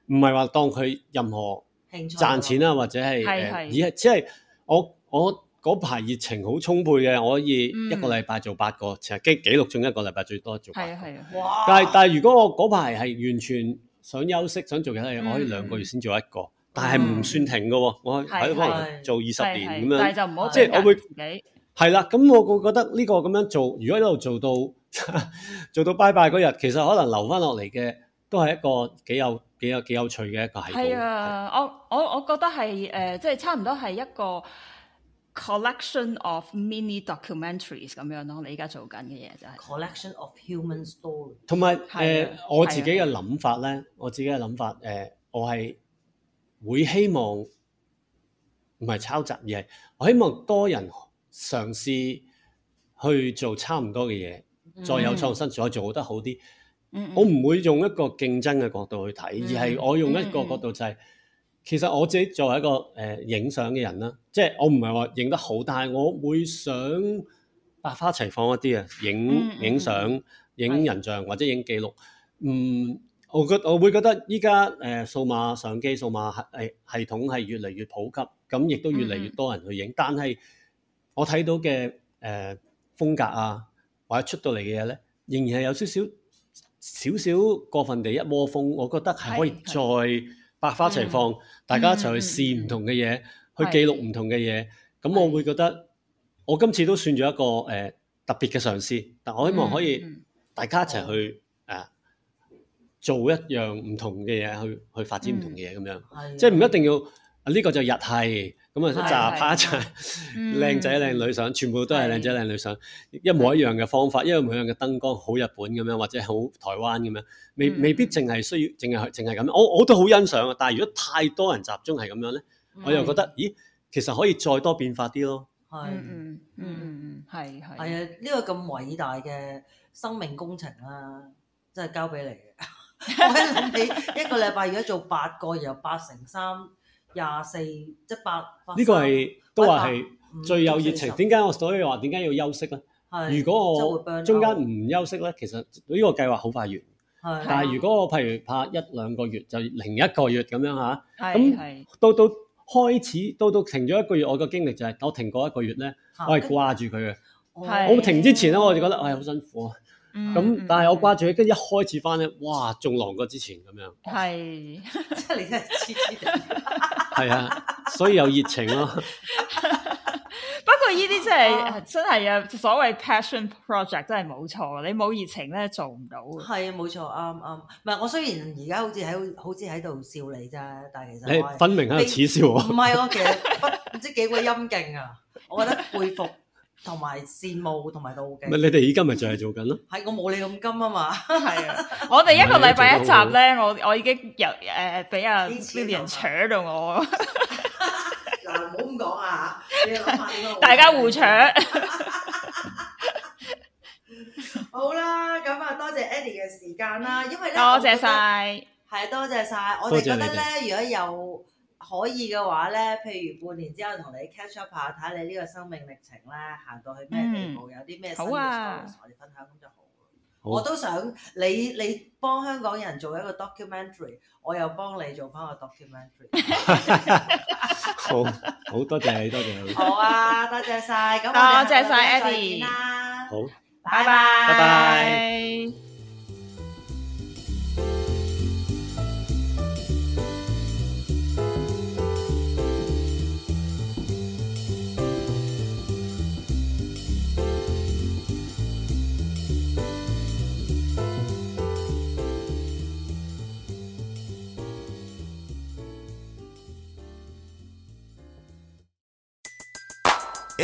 唔係話當佢任何賺錢啊，或者係而係即係我我嗰排熱情好充沛嘅，我可以一個禮拜做八個，其實紀錄中一個禮拜最多做八個。係係但係但係，如果我嗰排係完全想休息，想做其他嘢，我可以兩個月先做一個。嗯嗯但係唔算停嘅、嗯，我喺可能做二十年咁樣，但係就唔好即係我會自己係啦。咁我我覺得呢個咁樣做，如果一路做到 (laughs) 做到拜拜嗰日，其實可能留翻落嚟嘅都係一個幾有幾有幾有趣嘅一個係。係啊，
我我我覺得係誒，即、呃、係、就是、差唔多係一個 collection of mini documentaries 咁樣咯。你而家做緊
嘅嘢就係、是、collection of human story。
同埋誒，我自己嘅諗法咧，我自己嘅諗法誒、呃，我係。會希望唔係抄襲，而係我希望多人嘗試去做差唔多嘅嘢，再有創新，mm-hmm. 再做得好啲。Mm-hmm. 我唔會用一個競爭嘅角度去睇，而係我用一個角度就係、是，mm-hmm. 其實我自己作為一個誒影相嘅人啦，即係我唔係話影得好，但係我會想百花齊放一啲啊！影影相、影、mm-hmm. 人像、mm-hmm. 或者影記錄，嗯。我覺我會覺得依家誒數碼相機數碼係係系統係越嚟越普及，咁亦都越嚟越多人去影。但係我睇到嘅誒風格啊，或者出到嚟嘅嘢咧，仍然係有少少少少過分地一窩蜂。我覺得係可以再百花齊放，大家一齊去試唔同嘅嘢，去記錄唔同嘅嘢。咁我會覺得我今次都算咗一個誒特別嘅嘗試，但我希望可以大家一齊去，做一樣唔同嘅嘢，去去發展唔同嘅嘢咁樣，即係唔一定要呢、啊呢個就日系咁啊，集拍一場靚仔靚女相、嗯，全部都係靚仔靚女相，一模一樣嘅方法，一模一樣嘅燈光，好日本咁樣，或者好台灣咁樣，未未必淨係需要，淨係淨係咁。我我都好欣賞啊。但係如果太多人集中係咁樣咧，
我又覺得
咦，其實可以再多變化啲咯。係，嗯嗯
嗯，係係係啊。呢、呢個咁偉大嘅生命工程啊，真係交俾你嘅。 (laughs) 我諗你一個禮拜如果做八個，又八乘三廿四，即係八。呢
個係都話係最有熱情。點解。我所以話點解要休息咧？
如果我
中間唔休息咧，其實呢個計劃好快完。係。但係如果我譬如拍一兩個月，就停一個月咁樣吓。係。咁到到開始，到到停咗一個月，我個經歷就係、是、我停過一個月咧，我係掛住佢嘅。係。我停之前咧，我就覺得哎呀好辛苦啊。咁、嗯嗯，但係我掛住佢，跟一開始翻咧，哇，仲狼過之前咁樣。
係，即係你真係痴
痴哋。係啊，所以有熱情咯、啊。
(laughs) (laughs) 不過呢啲真係真係啊，所謂 passion project 真
係冇錯，你冇熱情咧做唔到。係啊，冇錯，啱、嗯、啱。唔、嗯、係我雖然而家好似喺好似喺度笑你啫，但係其實是你分明喺度恥笑我。唔係，我其實唔知幾鬼陰勁啊，我覺得佩服。同埋羨慕，同埋妒忌。咪你
哋而家咪就係做緊咯。
係我冇你咁金啊嘛。係啊，我哋一個禮拜一集咧，我我已
經有誒俾阿 William 扯到我。
嗱，唔好咁講啊！大家互搶。好啦，咁啊，多謝 Eddie 嘅時間啦。因為咧，多謝晒。係多謝晒。我哋覺得咧，如果有。可以嘅話咧，譬如半年之後同你 catch up 下，睇下你呢個生命歷程啦，行到去咩地步，嗯、有啲咩新嘅、啊、我哋分享咁就
好，好。我都
想你你幫香港人做一個 documentary，我又幫你做翻個 documentary (laughs) (laughs) 好。
好好多謝，謝你，多謝，謝你。好
啊，多謝晒。咁多謝晒 Eddie 啦。好，拜拜，拜拜。